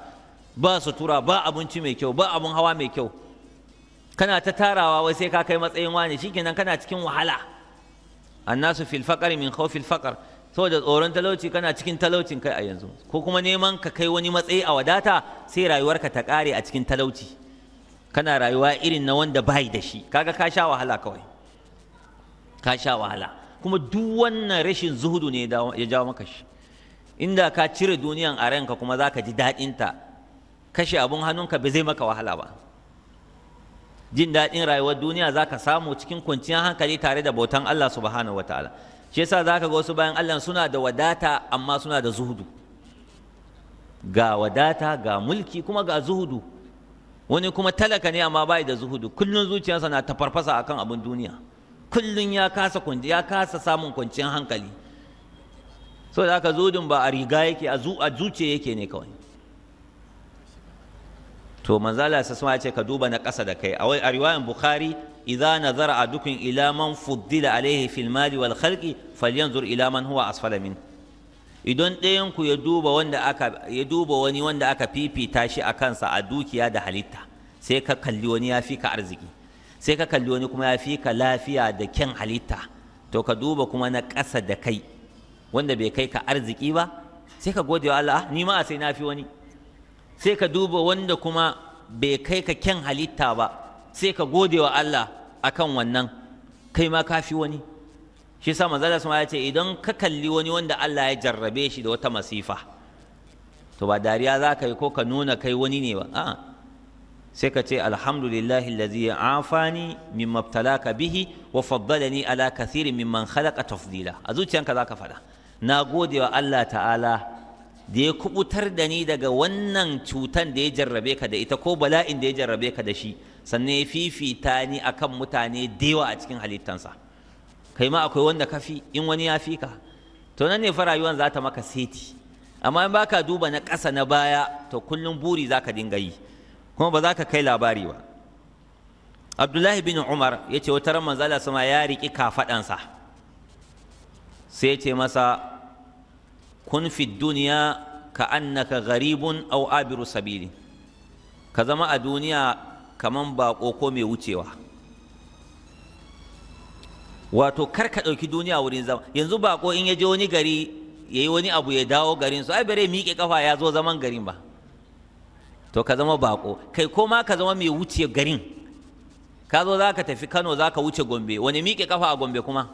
S1: ba sutura ba abinci mai kyau ba abin hawa mai kyau kana ta tarawa wai sai ka kai matsayin wani shikenan kana cikin wahala annasu fil faqari min khawfil faqar saboda tsoron talauci kana cikin talaucin kai a yanzu ko kuma neman ka kai wani matsayi a wadata sai rayuwarka ta kare a cikin talauci kana rayuwa irin na wanda bai da shi kaga ka sha wahala kawai ka sha wahala kuma duk wannan rashin zuhudu ne ya jawo maka shi inda ka cire duniyan a ranka kuma za ka ji daɗinta kashe abun hannunka bai zai maka wahala ba jin daɗin rayuwar duniya za ka samu cikin kwanciyar hankali tare da bautan Allah subhanahu wa ta'ala shi yasa za ka ga wasu bayan Allah suna da wadata amma suna da zuhudu ga wadata ga mulki kuma ga zuhudu wani kuma talaka ne amma bai da zuhudu kullun zuciyarsa na ta farfasa akan abin duniya kullun ya kasa ya kasa samun kwanciyar hankali so da aka zuhudun ba a riga yake a zuciya yake ne kawai to manzala sa sama ce ka duba na ƙasa da kai a wai a riwayan bukhari idza nazara adukun ila man fuddila alaihi fil mali wal khalqi falyanzur ila man huwa asfala minhu idan ɗayanku ya duba wanda aka ya duba wani wanda aka fifita shi a kansa a dukiya da halitta sai ka kalli wani ya fi ka arziki sai ka kalli wani kuma ya fi ka lafiya da kyan halitta to ka duba kuma na ƙasa da kai wanda bai kai ka arziki ba sai ka gode wa Allah ah, ni ma sai na fi wani sai ka duba wanda kuma bai kai ka kyan halitta ba sai ka gode wa Allah akan wannan kai ma ka fi wani shi sa manzala su ya ce idan ka kalli wani wanda Allah ya jarrabe shi da wata masifa to ba dariya za ka yi ko ka nuna kai wani ne ba a sai ka ce alhamdulillahi allazi afani min mabtalaka bihi wa ni ala kathirin mimman khalaqa tafdila a zuciyanka za ka faɗa na gode wa Allah ta'ala da ya kubutar da ni daga wannan cutan da ya jarrabe ka da ita ko bala'in da ya jarrabe ka da shi sannan ya fifita ni akan mutane da yawa a cikin halittansa kai ma akwai wanda ka fi in wani ya fi ka to nan ne fa rayuwar za ta maka seti amma in baka duba na ƙasa na baya to kullum buri za ka dinga yi kuma ba za ka kai labari ba abdullahi bin umar ya ce wata ramar zala sama ya riƙi kafaɗansa sai ya ce masa kun fi duniya ka annaka garibun au abiru sabili ka zama a duniya kaman baƙo ko mai wucewa wato kar ka ɗauki duniya wurin zama yanzu baƙo in ya je wani gari ya yi wani abu ya dawo garin su ai bare miƙe kafa ya zo zaman garin ba to ka zama baƙo. kai ko ma ka zama mai wuce garin ka zo za ka tafi kano za ka wuce gombe wani miƙe kafa a gombe kuma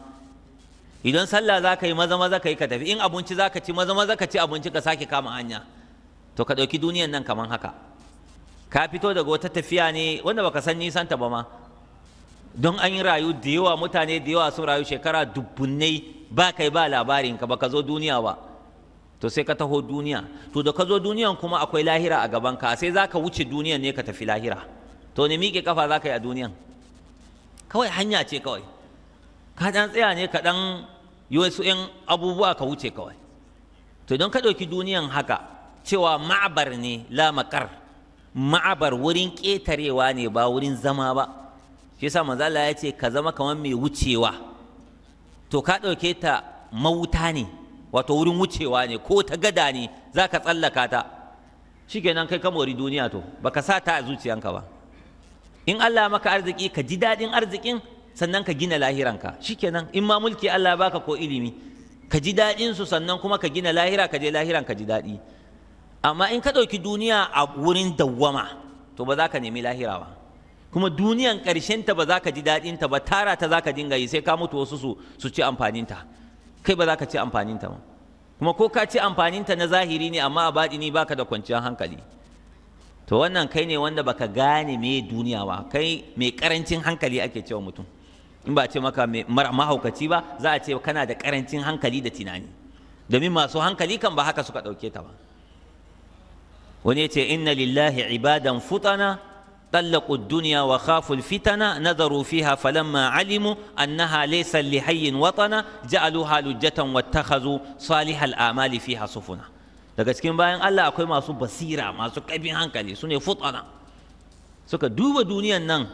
S1: idan sallah za ka yi maza maza ka yi ka tafi in abinci za ka ci maza maza ka ci abinci ka sake kama hanya to ka ɗauki duniyan nan kaman haka ka fito daga wata tafiya ne wanda baka san nisan ta ba ma don an yi rayu da yawa mutane da yawa sun rayu shekara dubbunai ba kai ba labarin ka ba ka zo duniya ba to sai ka taho duniya to da ka zo duniyan kuma akwai lahira a gaban ka sai zaka wuce duniyan ne ka tafi lahira to ne miƙe kafa zaka yi a duniyan kawai hanya ce kawai ka dan tsaya ne ka dan yi wasu yan abubuwa ka wuce kawai to don ka ɗauki duniyan haka cewa ma'abar ne la makar ma'abar wurin ƙetarewa ne ba wurin zama ba shi yasa manzo Allah ya ce ka zama kamar mai wucewa to ka ɗauke ta mawuta ne wato wurin wucewa ne ko ta gada ne za ka tsallaka ta shikenan kai ka mori duniya to baka sa ta a zuciyanka ba in Allah maka arziki ka ji daɗin arzikin sannan ka gina lahiranka shikenan in ma mulki Allah baka ko ilimi ka ji daɗin su sannan kuma ka gina lahira ka je lahiran ka ji daɗi amma in ka ɗauki duniya a wurin dawwama to ba za ka nemi lahira ba kuma duniyan karshen ta ba za ka ji daɗin ta ba tara ta za ka dinga yi sai ka mutu wasu su su ci amfanin ta kai ba za ka ci amfanin ta ba kuma ko ka ci amfanin ta na zahiri ne amma a baɗini baka da kwanciyar hankali to wannan kai ne wanda baka gane me duniya ba kai mai karancin hankali ake cewa mutum in ba a ce maka mahaukaci ba za a ce kana da karancin hankali da tunani domin masu hankali kan ba haka suka ɗauke ta ba wani ya ce inna lillahi ibadan futana طلقوا الدنيا وخافوا الفتن نذروا فيها فلما علموا أنها ليس لحي وطنا جعلوها لجة واتخذوا صالح فيها سفنا daga cikin bayan Allah akwai masu basira masu kaifin hankali su ne futsana suka duba duniyan nan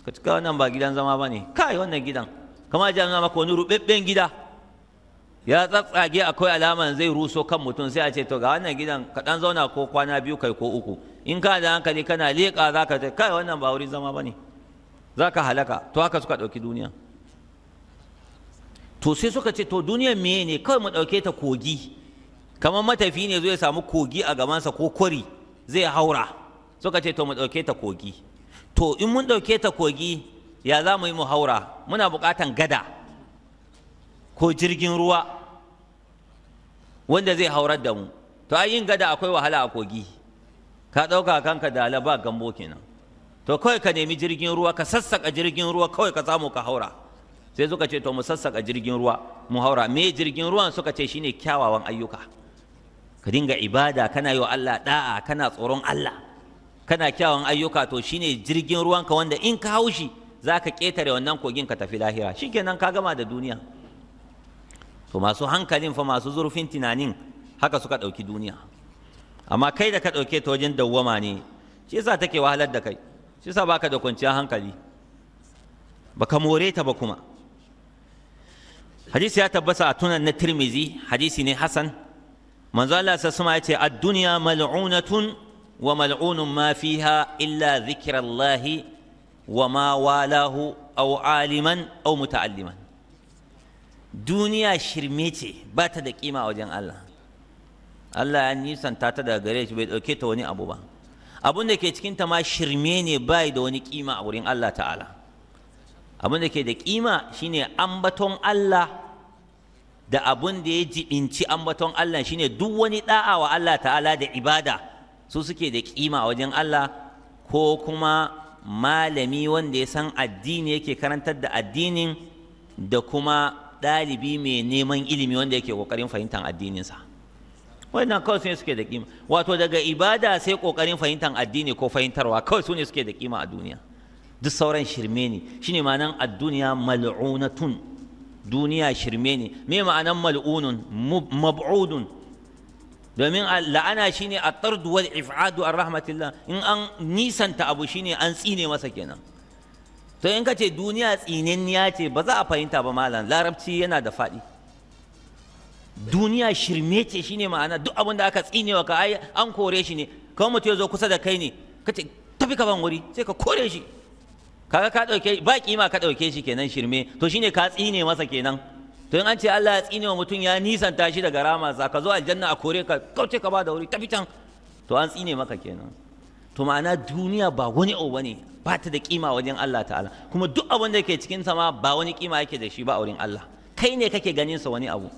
S1: ka cika wannan ba gidan zama ba ne kai wannan gidan kama jami'a maka wani ruɓaɓɓen gida ya tsatsage akwai alaman zai ruso kan mutum sai a ce to ga wannan gidan ka dan zauna ko kwana biyu kai ko uku in ka da hankali kana leƙa za ka kai wannan ba wurin zama ba ne za ka halaka to haka suka ɗauki duniya to sai suka ce to duniyan meye ne kawai mu ɗauke ta kogi kamar matafi ne zai samu kogi a gabansa ko kwari zai haura suka ce to mu ɗauke ta kogi to in mun ɗauke ta kogi ya za mu yi mu haura muna buƙatan gada ko jirgin ruwa wanda zai haurar da mu to ai yin gada akwai wahala a kogi ka ɗauka kanka da alaba gambo kenan to kawai ka nemi jirgin ruwa ka sassaka jirgin ruwa kawai ka samu ka haura sai suka ce to mu sassaka jirgin ruwa mu haura me jirgin ruwan suka ce shine kyawawan ayyuka ka dinga ibada kana yi wa Allah da'a kana tsoron Allah kana kyawawan ayyuka to shine jirgin ruwanka wanda in ka haushi za ka ƙetare wannan kogin ka tafi lahira shikenan ka gama da duniya to masu hankalin fa masu zurfin tunanin haka suka ɗauki duniya amma kai da ka ɗauke ta wajen dawwama ne shi yasa take wahalar da kai shi yasa baka da kwanciyar hankali baka more ta ba kuma hadisi ya tabbasa a tunan na tirmizi hadisi ne hasan manzo Allah sassuma ya ce ad-dunya mal'unatun wa mal'unun ma fiha illa zikirallahi wa ma walahu aw aliman aw muta'alliman duniya shirme ce ba ta da kima a wajen Allah Allah ya nisanta ta daga gare shi bai dauke ta wani abu ba abun da ke cikin ta ma shirme ne bai da wani kima a wurin Allah ta'ala abun da ke da kima shine ambaton Allah da abun da ya jibinci ambaton Allah shine duk wani da'a wa Allah ta'ala da ibada su suke da kima a wajen Allah ko kuma malami wanda ya san addini yake karantar da addinin da kuma ɗalibi mai neman ilimi wanda yake ƙoƙarin fahimtar addininsa wannan kawai su ne suke da kima wato daga ibada sai ƙoƙarin fahimtar addini ko fahimtarwa kawai su ne suke da kima a duniya duk sauran shirme ne shine ma'anan ad-duniya mal'unatun duniya shirme ne me ma'anan mal'unun mab'udun domin la'ana shine a tardu wal if'adu ar rahmatillah in an nisanta abu shine an tsine masa kenan to in ka ce duniya tsinanniya ce ba za a fahimta ba malam larabci yana da faɗi duniya shirme ce shine ma'ana duk abin da aka tsinewa ka ai an kore shi ne kawai mutum ya zo kusa da kai ne ka ce tafi ka ban wuri sai ka kore shi kaga ka ɗauke ba kima ka ɗauke shi kenan shirme to shine ka tsine masa kenan to in an ce Allah ya tsine wa mutum ya nisanta shi daga za ka zo aljanna a kore ka kauce ka ba da wuri tafi can to an tsine maka kenan to ma'ana duniya ba wani o bane ba ta da kima wajen Allah ta'ala kuma duk abin da yake cikin ma ba wani kima yake da shi ba a wurin Allah kai ne kake ganin sa wani abu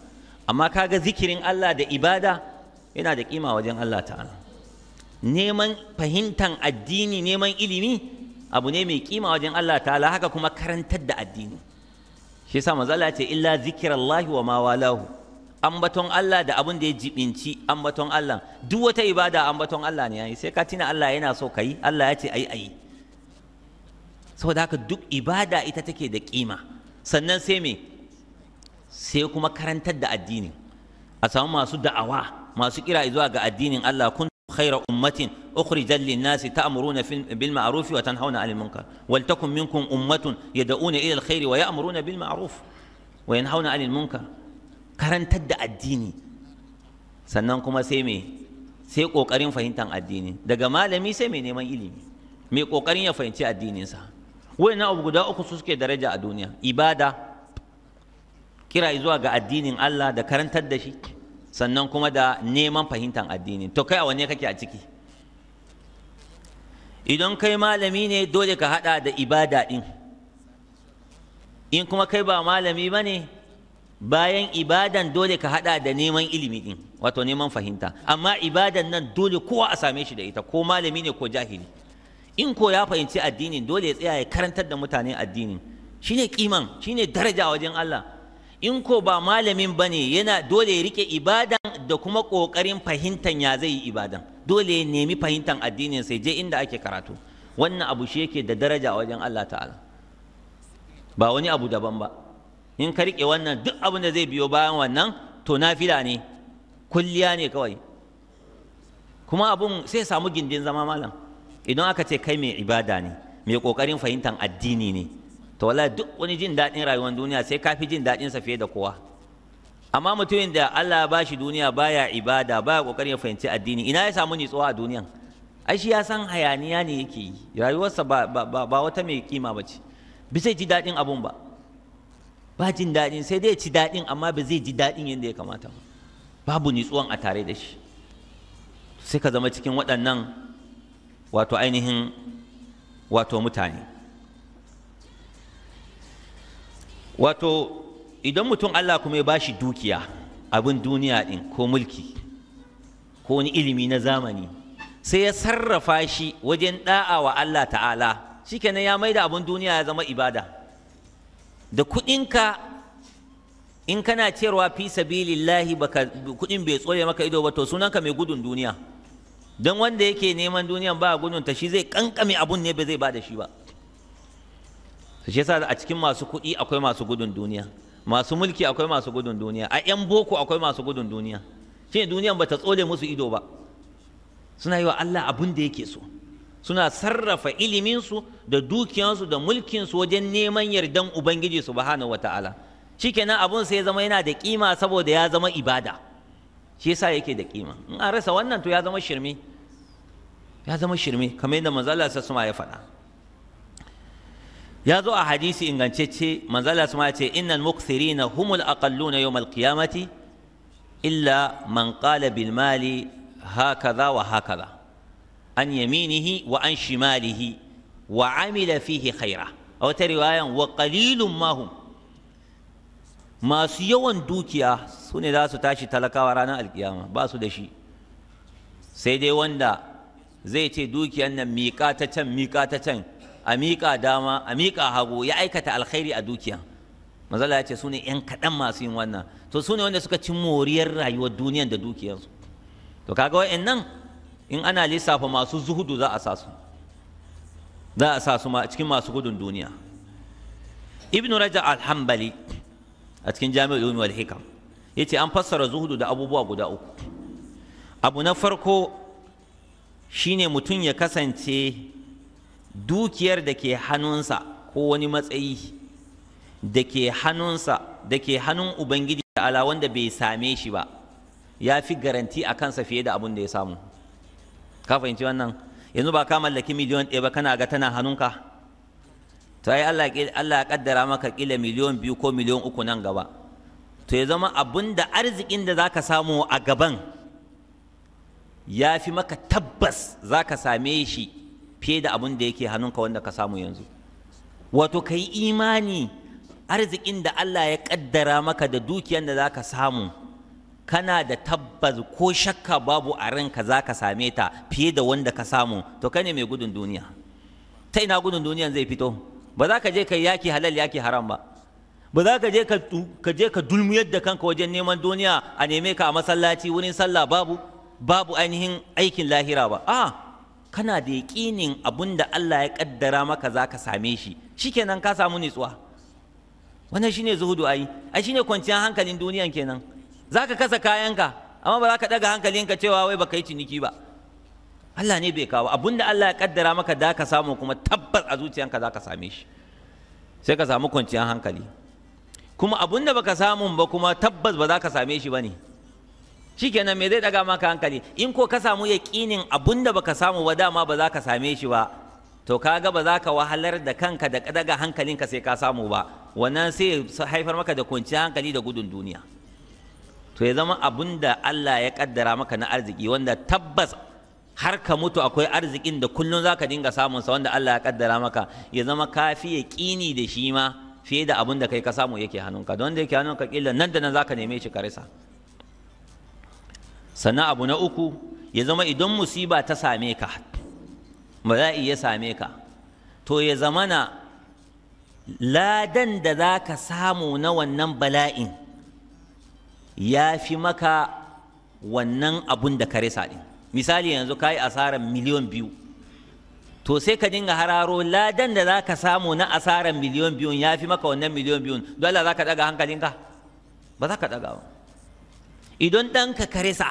S1: amma kaga zikirin Allah da ibada yana da kima wajen Allah ta'ala neman fahimtan addini neman ilimi abu ne mai kima wajen Allah ta'ala haka kuma karantar da addini shi yasa manzala ce illa zikirallahi wa ma walahu ambaton Allah da abin da ya jibinci ambaton Allah duk wata ibada ambaton Allah ne yayi sai ka tuna Allah yana so kai Allah ya ce ai ayi saboda haka duk ibada ita take da kima sannan sai me sai kuma karantar da addini a samu masu da'awa masu kira zuwa ga addinin خير أمة أخرجت الناس تأمرون بالمعروف وتنهون عن المنكر ولتكن منكم أمة يدعون إلى الخير ويأمرون بالمعروف وينهون عن المنكر كرن تد الدين سننكم سيمي سيكو قرين فهنتان الدين دقا ما لمي سيمي نيما إلي مي قو قرين فهنتي الدين سهن wayannan abu guda uku su suke daraja a duniya ibada kira zuwa ga addinin Allah da karantar da shi sannan kuma da neman fahimtar addinin to kai a wanne kake a ciki idan kai malami ne dole ka hada da ibada din in kuma kai ba malami ba ne bayan ibadan dole ka hada da neman ilimi din wato neman fahimta amma ibadan nan dole kowa a same shi da ita ko malami ne ko jahili in ko ya fahimci addinin dole ya tsaya ya karantar da mutane addinin shine kiman shine daraja wajen Allah in ko ba malamin bane yana dole ya rike ibadan da kuma kokarin fahimtan ya zai yi ibadan dole ya nemi fahimtan addinin sai je inda ake karatu wannan abu shi yake da daraja wajen Allah ta'ala ba wani abu daban ba in ka rike wannan duk abin da zai biyo bayan wannan to nafila ne kulliya ne kawai kuma abun sai samu gindin zama malam idan aka ce kai mai ibada ne mai kokarin fahimtar addini ne to wallahi duk wani jin daɗin rayuwar duniya sai ka fi jin daɗin sa fiye da kowa amma mutumin da Allah ya bashi duniya baya ibada baya kokarin ya fahimci addini ina ya samu nitsuwa a duniyan ai shi ya san hayaniya ne yake yi rayuwarsa ba, ba, wata mai kima ba ce bi zai ji daɗin abun ba ba jin daɗin sai dai ci daɗin amma ba zai ji daɗin yadda ya kamata ba babu nitsuwan a tare da shi sai ka zama cikin waɗannan wato ainihin wato mutane wato idan mutum Allah kuma ya bashi dukiya abin duniya ɗin ko mulki ko wani ilimi na zamani sai ya sarrafa shi wajen da'a wa Allah ta'ala shikenan ya maida abin duniya ya zama ibada da kuɗinka in kana cewa fi sabilillahi baka kuɗin bai tsoye maka ido ba to sunanka mai gudun duniya don wanda yake neman duniyan ba gudun ta shi zai kankame abun ne ba zai ba da shi ba su shi a cikin masu kuɗi akwai masu gudun duniya masu mulki akwai masu gudun duniya a 'yan boko akwai masu gudun duniya shi ne ba ta tsole musu ido ba suna yi wa Allah abun da yake so suna sarrafa iliminsu da dukiyansu da mulkinsu wajen neman yardan ubangiji subhanahu wata'ala kenan abun sai zama yana da kima saboda ya zama ibada shi yasa yake da kima in an rasa wannan to ya zama shirme ya zama shirme kamar yadda manzala sassuma ya faɗa ya zo a hadisi ingantacce manzala sassuma ya ce innal mukthirina humul aqalluna yawmal qiyamati illa man qala bil mali hakaza wa hakaza an yaminihi wa an shimalihi wa amila fihi khaira a wata riwayan wa qalilun mahum masu yawan dukiya su ne za su tashi talakawa ranar alkiyama ba su da shi sai dai wanda zai ce dukiyan nan miƙa ta can miƙa ta can a miƙa dama a miƙa hagu ya aikata alkhairi a dukiya mazala ya ce su ne 'yan kaɗan masu yin wannan to su ne wanda suka ci moriyar rayuwar duniyan da dukiyarsu to kaga wa'in nan in ana lissafa masu zuhudu za a sa su za a sa su cikin masu gudun duniya ibn raja al a cikin jami'ar ilmi wal hikam yace an fassara zuhudu da abubuwa guda uku abu na farko shine mutum ya kasance dukiyar da ke hannunsa ko wani matsayi da ke hannunsa da ke hannun ubangiji ala wanda bai same shi ba ya fi garanti a kansa fiye da abun da ya samu ka fahimci wannan yanzu ba ka mallaki miliyon ɗaya ba kana ga tana hannunka to ai Allah ya kaddara maka kila miliyon biyu ko miliyon uku nan gaba to ya zama abun da arzikin da zaka samu a gaban ya fi maka tabbas zaka same shi fiye da abunda yake hannunka wanda ka samu yanzu wato ka yi imani arzikin da Allah ya kaddara maka da dukiyar da zaka samu kana da tabbas ko shakka babu a ranka zaka same ta fiye da wanda ka samu to kane ne mai gudun duniya ta ina gudun duniyan zai fito ba za ka je ka yaki halal yaki haram ba ba za ka je ka je ka dulmuyar da kanka wajen neman duniya a neme ka a masallaci wurin sallah babu babu ainihin aikin lahira ba a kana da yaƙinin abun da Allah ya kaddara maka za ka same shi shikenan ka samu nutsuwa wannan shine zuhudu ai ai shine kwanciyar hankalin duniyan kenan za ka kasa kayanka amma ba za ka ɗaga hankalinka cewa wai baka yi ciniki ba Allah ne bai kawo abinda Allah ya kaddara maka da ka samu kuma tabbas a zuciyanka za ka same shi sai ka samu kwanciyar hankali kuma abinda baka samu ba kuma tabbas ba za ka same shi ba ne shikenan me zai daga maka hankali in ko ka samu yaƙinin abinda baka samu ba dama ba za ka same shi ba to kaga ba za ka wahalar da kanka da daga hankalinka sai ka samu ba wannan sai haifar maka da kwanciyar hankali da gudun duniya to ya zama abun da Allah ya kaddara maka na arziki wanda tabbas har ka mutu akwai arzikin da kullum za ka dinga samunsa wanda Allah ya kaddara maka ya zama ka ya ƙini da shi ma fiye da abin da kai ka samu yake hannunka don da yake hannunka ƙila nan da nan za ka neme shi ka rasa sannan abu na uku ya zama idan musiba ta same ka ba za iya same ka to ya zama na ladan da za ka samu na wannan bala'in ya fi maka wannan abun da ka rasa ɗin misali yanzu ka yi asarar miliyon biyu to sai ka dinga hararo ladan da za ka samu na asarar miliyon biyu, ya fi maka wannan miliyon biyu. dole za ka ɗaga hankalinka ba za ka ɗaga ba idan ɗanka ka resa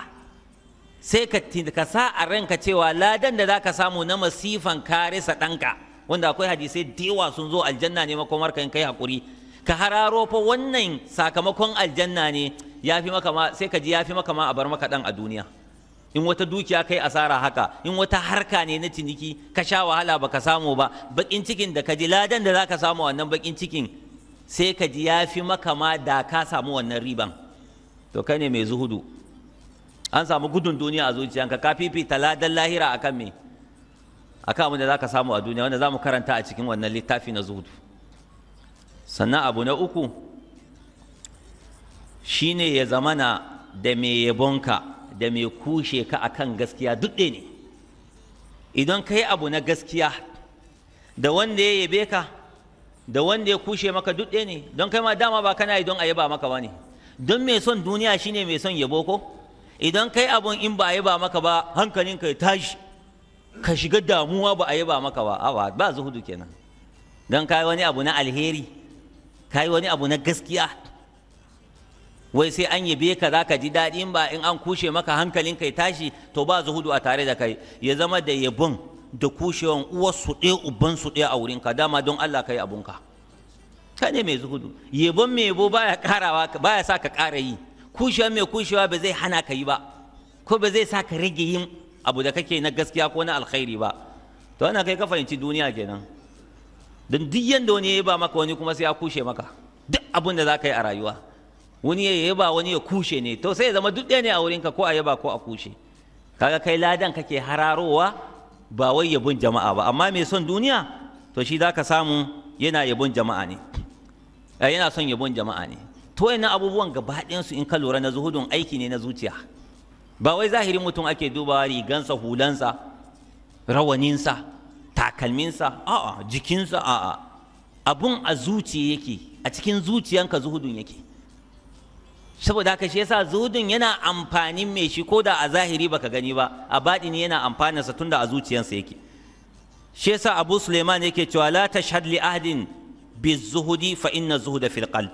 S1: sai ka sa a ranka cewa ladan da za ka samu na masifan karisa ɗanka wanda akwai hadisai dewa sun zo aljanna ne makomar ka in kai haƙuri ka hararo fa wannan sakamakon aljanna ne ya fi maka ma sai ka ji ya fi maka ma a bar maka ɗan a duniya in wata dukiya kai asara haka in wata harka ne na ciniki ka sha wahala ba ka samu ba bakin cikin da ka ji ladan da za ka samu wannan bakin cikin sai ka ji ya fi maka ma da ka samu wannan riban to kai ne mai zuhudu an samu gudun duniya a zuciyanka ka fifita ladan lahira akan me kan abin da ka samu a duniya wanda za mu karanta a cikin wannan littafi na zuhudu sannan abu na uku shine ya zamana da mai yabonka da mai kushe ka akan gaskiya duk ɗaya ne idan ka yi abu na gaskiya da wanda ya yabe ka da wanda ya kushe maka duk ɗaya ne don kai ma dama ba kana yi don a yaba maka ba ne don mai son duniya shine mai son yabo ko idan kai abun in ba a yaba maka ba hankalin ka tashi ka shiga damuwa ba a yaba maka ba awa ba zuhudu kenan don kai wani abu na alheri kai wani abu na gaskiya wai sai an yabe ka za ka ji daɗi in ba in an kushe maka hankalin kai tashi to ba zuhudu a tare da kai ya zama da yabon da kushewan uwar uwarsu ɗaya su ɗaya a wurinka dama don Allah kai abunka ka ne mai zuhudu yabon mai yabo baya karawa baya sa ka ƙara yi kushewa mai kushewa ba zai hana ka yi ba ko ba zai sa ka rage yin abu da kake na gaskiya ko na alkhairi ba to ana kai ka fahimci duniya kenan don duk yanda wani ya ba maka wani kuma sai ya kushe maka duk abin da za ka yi a rayuwa wani ya yaba wani ya kushe ne to sai ya zama duk ɗaya ne a wurinka ko a yaba ko a kushe kaga kai ladan kake hararowa ba wai yabon jama'a ba amma mai son duniya to shi za ka samu yana yabon jama'a ne eh, yana son yabon jama'a ne to yana abubuwan gaba su in ka lura na zuhudun aiki ne na zuciya ba wai zahirin mutum ake dubawa rigansa hulansa rawaninsa takalminsa a'a jikinsa a'a abun a zuciya yake a cikin zuciyanka zuhudun yake saboda haka shi yasa zuhudun yana amfanin mai shi ko da a zahiri baka gani ba a baɗi ne yana amfaninsa tunda a zuciyarsa yake shi yasa abu suleiman yake cewa la tashhad li ahdin bi zuhudi fa inna zuhuda fil qalb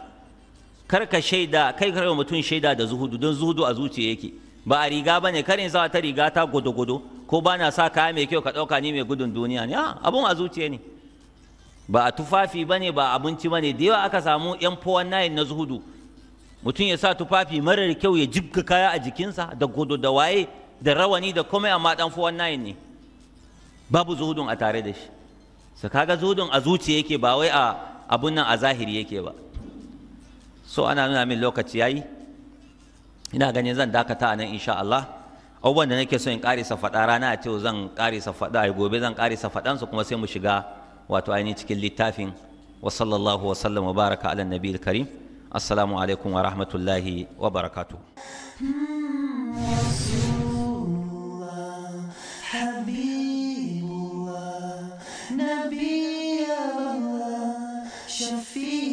S1: kar ka shaida kai kar ka mutum shaida da zuhudu don zuhudu a zuciya yake ba a riga bane kar karin sa ta riga ta gudu gudu ko ba na sa kaya mai kyau ka ɗauka ni mai gudun duniya ne ah, abun a zuciya ne ba a tufafi ba ba abinci ba da yawa aka samu yan fowan nayin na zuhudu mutum ya sa tufafi marar kyau ya jibka kaya a jikinsa da godo da waye da rawani da komai amma dan fuwan nayin ne babu zuhudun a tare da shi su kaga zuhudun a zuciya yake ba wai a abun nan a zahiri yake ba so ana nuna min lokaci yayi ina ganin zan dakata a nan insha Allah abubuwan da nake so in karisa faɗa rana a cewa zan karisa faɗa a gobe zan karisa faɗansu kuma sai mu shiga wato ainihin cikin littafin wa sallallahu wa sallam wa baraka ala nabiyil karim السلام عليكم ورحمة الله وبركاته حبيب الله نبي الله شفيع